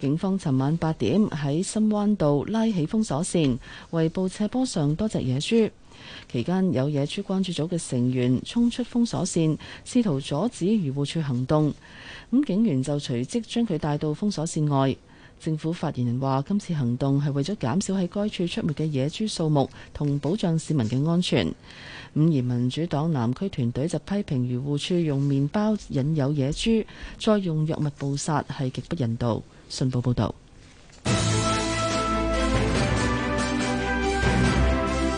C: 警方尋晚八點喺深灣道拉起封鎖線，圍捕斜坡上多隻野豬。期間有野豬關注組嘅成員衝出封鎖線，試圖阻止漁護處行動，咁警員就隨即將佢帶到封鎖線外。政府發言人話：今次行動係為咗減少喺該處出沒嘅野豬數目，同保障市民嘅安全。咁而民主黨南區團隊就批評漁護署用麵包引誘野豬，再用藥物捕殺，係極不人道。信報報道。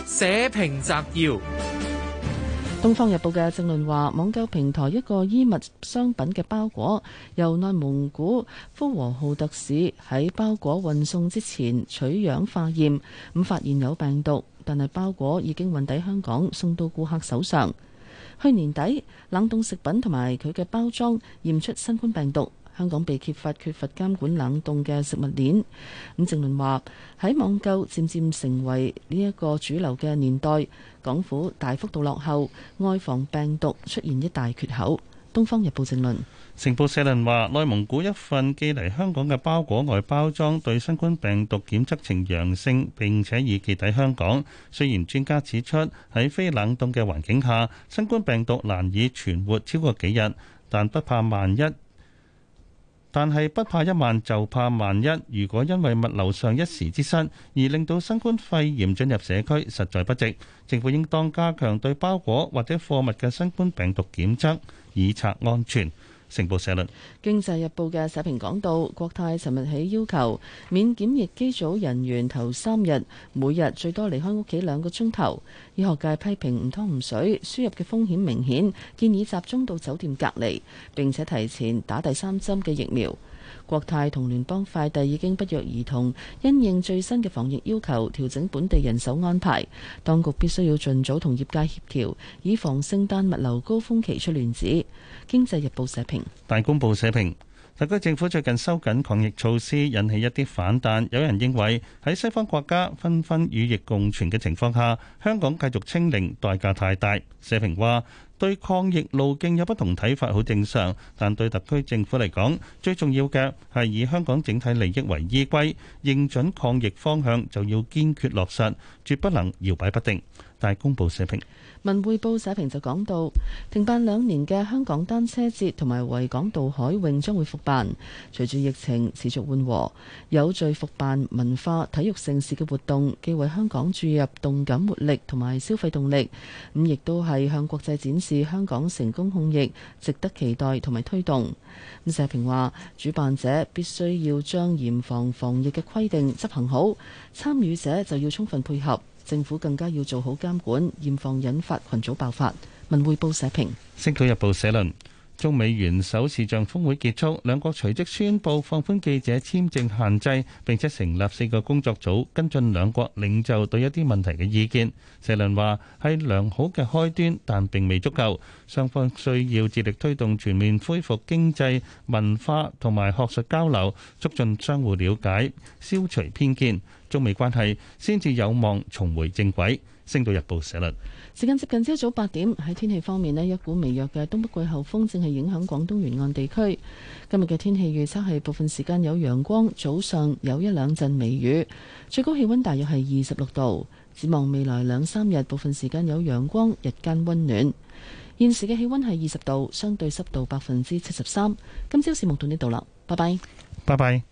C: 社評集要。《東方日報》嘅正論話，網購平台一個衣物商品嘅包裹，由內蒙古呼和浩特市喺包裹運送之前取樣化驗，咁發現有病毒，但係包裹已經運抵香港，送到顧客手上。去年底，冷凍食品同埋佢嘅包裝驗出新冠病毒。香港被揭發缺乏監管冷凍嘅食物鏈。咁，正論話喺網購漸漸成為呢一個主流嘅年代，港府大幅度落後，外防病毒出現一大缺口。《東方日
D: 報》正論。成報社論話，內蒙古一份寄嚟香港嘅包裹外包裝對新冠病毒檢測呈陽性，並且已寄抵香港。雖然專家指出喺非冷凍嘅環境下，新冠病毒難以存活超過幾日，但不怕萬一。但係不怕一萬就怕萬一，如果因為物流上一時之失而令到新冠肺炎進入社區，實在不值。政府應當加強對包裹或者貨物嘅新冠病毒檢測，以策安全。成報寫論，
C: 《經濟日報》嘅社評講到，國泰尋日起要求免檢疫機組人員頭三日，每日最多離開屋企兩個鐘頭。醫學界批評唔湯唔水，輸入嘅風險明顯，建議集中到酒店隔離，並且提前打第三針嘅疫苗。國泰同聯邦快遞已經不約而同，因應最新嘅防疫要求，調整本地人手安排。當局必須要儘早同業界協調，以防聖誕物流高峰期出亂子。經濟日
D: 報社評、大公報社評，特區政府最近收緊抗疫措施，引起一啲反彈。有人認為喺西方國家紛紛與疫共存嘅情況下，香港繼續清零代價太大。社評話：對抗疫路徑有不同睇法，好正常。但對特區政府嚟講，最重要嘅係以香港整體利益為依歸，認準抗疫方向就要堅決落實，絕不能搖擺不定。大公報社評，
C: 文匯報社評就講到，停辦兩年嘅香港單車節同埋維港渡海泳將會復辦。隨住疫情持續緩和，有序復辦文化體育盛事嘅活動，既為香港注入動感活力同埋消費動力，咁亦都係向國際展示香港成功控疫，值得期待同埋推動。咁社評話主辦者必須要將嚴防防疫嘅規定執行好，參與者就要充分配合。政府更加要做好監管，嚴防引發群組爆發。文匯報社評，
D: 星島日報社論，中美元首視像峰會結束，兩國隨即宣布放寬記者簽證限制，並且成立四個工作組跟進兩國領袖對一啲問題嘅意見。社論話係良好嘅開端，但並未足夠。雙方需要致力推動全面恢復經濟、文化同埋學術交流，促進相互了解，消除偏見。中美關係先至有望重回正軌。星島日報社論。
C: 時間接近朝早八點，喺天氣方面咧，一股微弱嘅東北季候風正係影響廣東沿岸地區。今日嘅天氣預測係部分時間有陽光，早上有一兩陣微雨，最高氣温大約係二十六度。展望未來兩三日，部分時間有陽光，日間温暖。現時嘅氣温係二十度，相對濕度百分之七十三。今朝節目到呢度啦，拜拜。拜拜。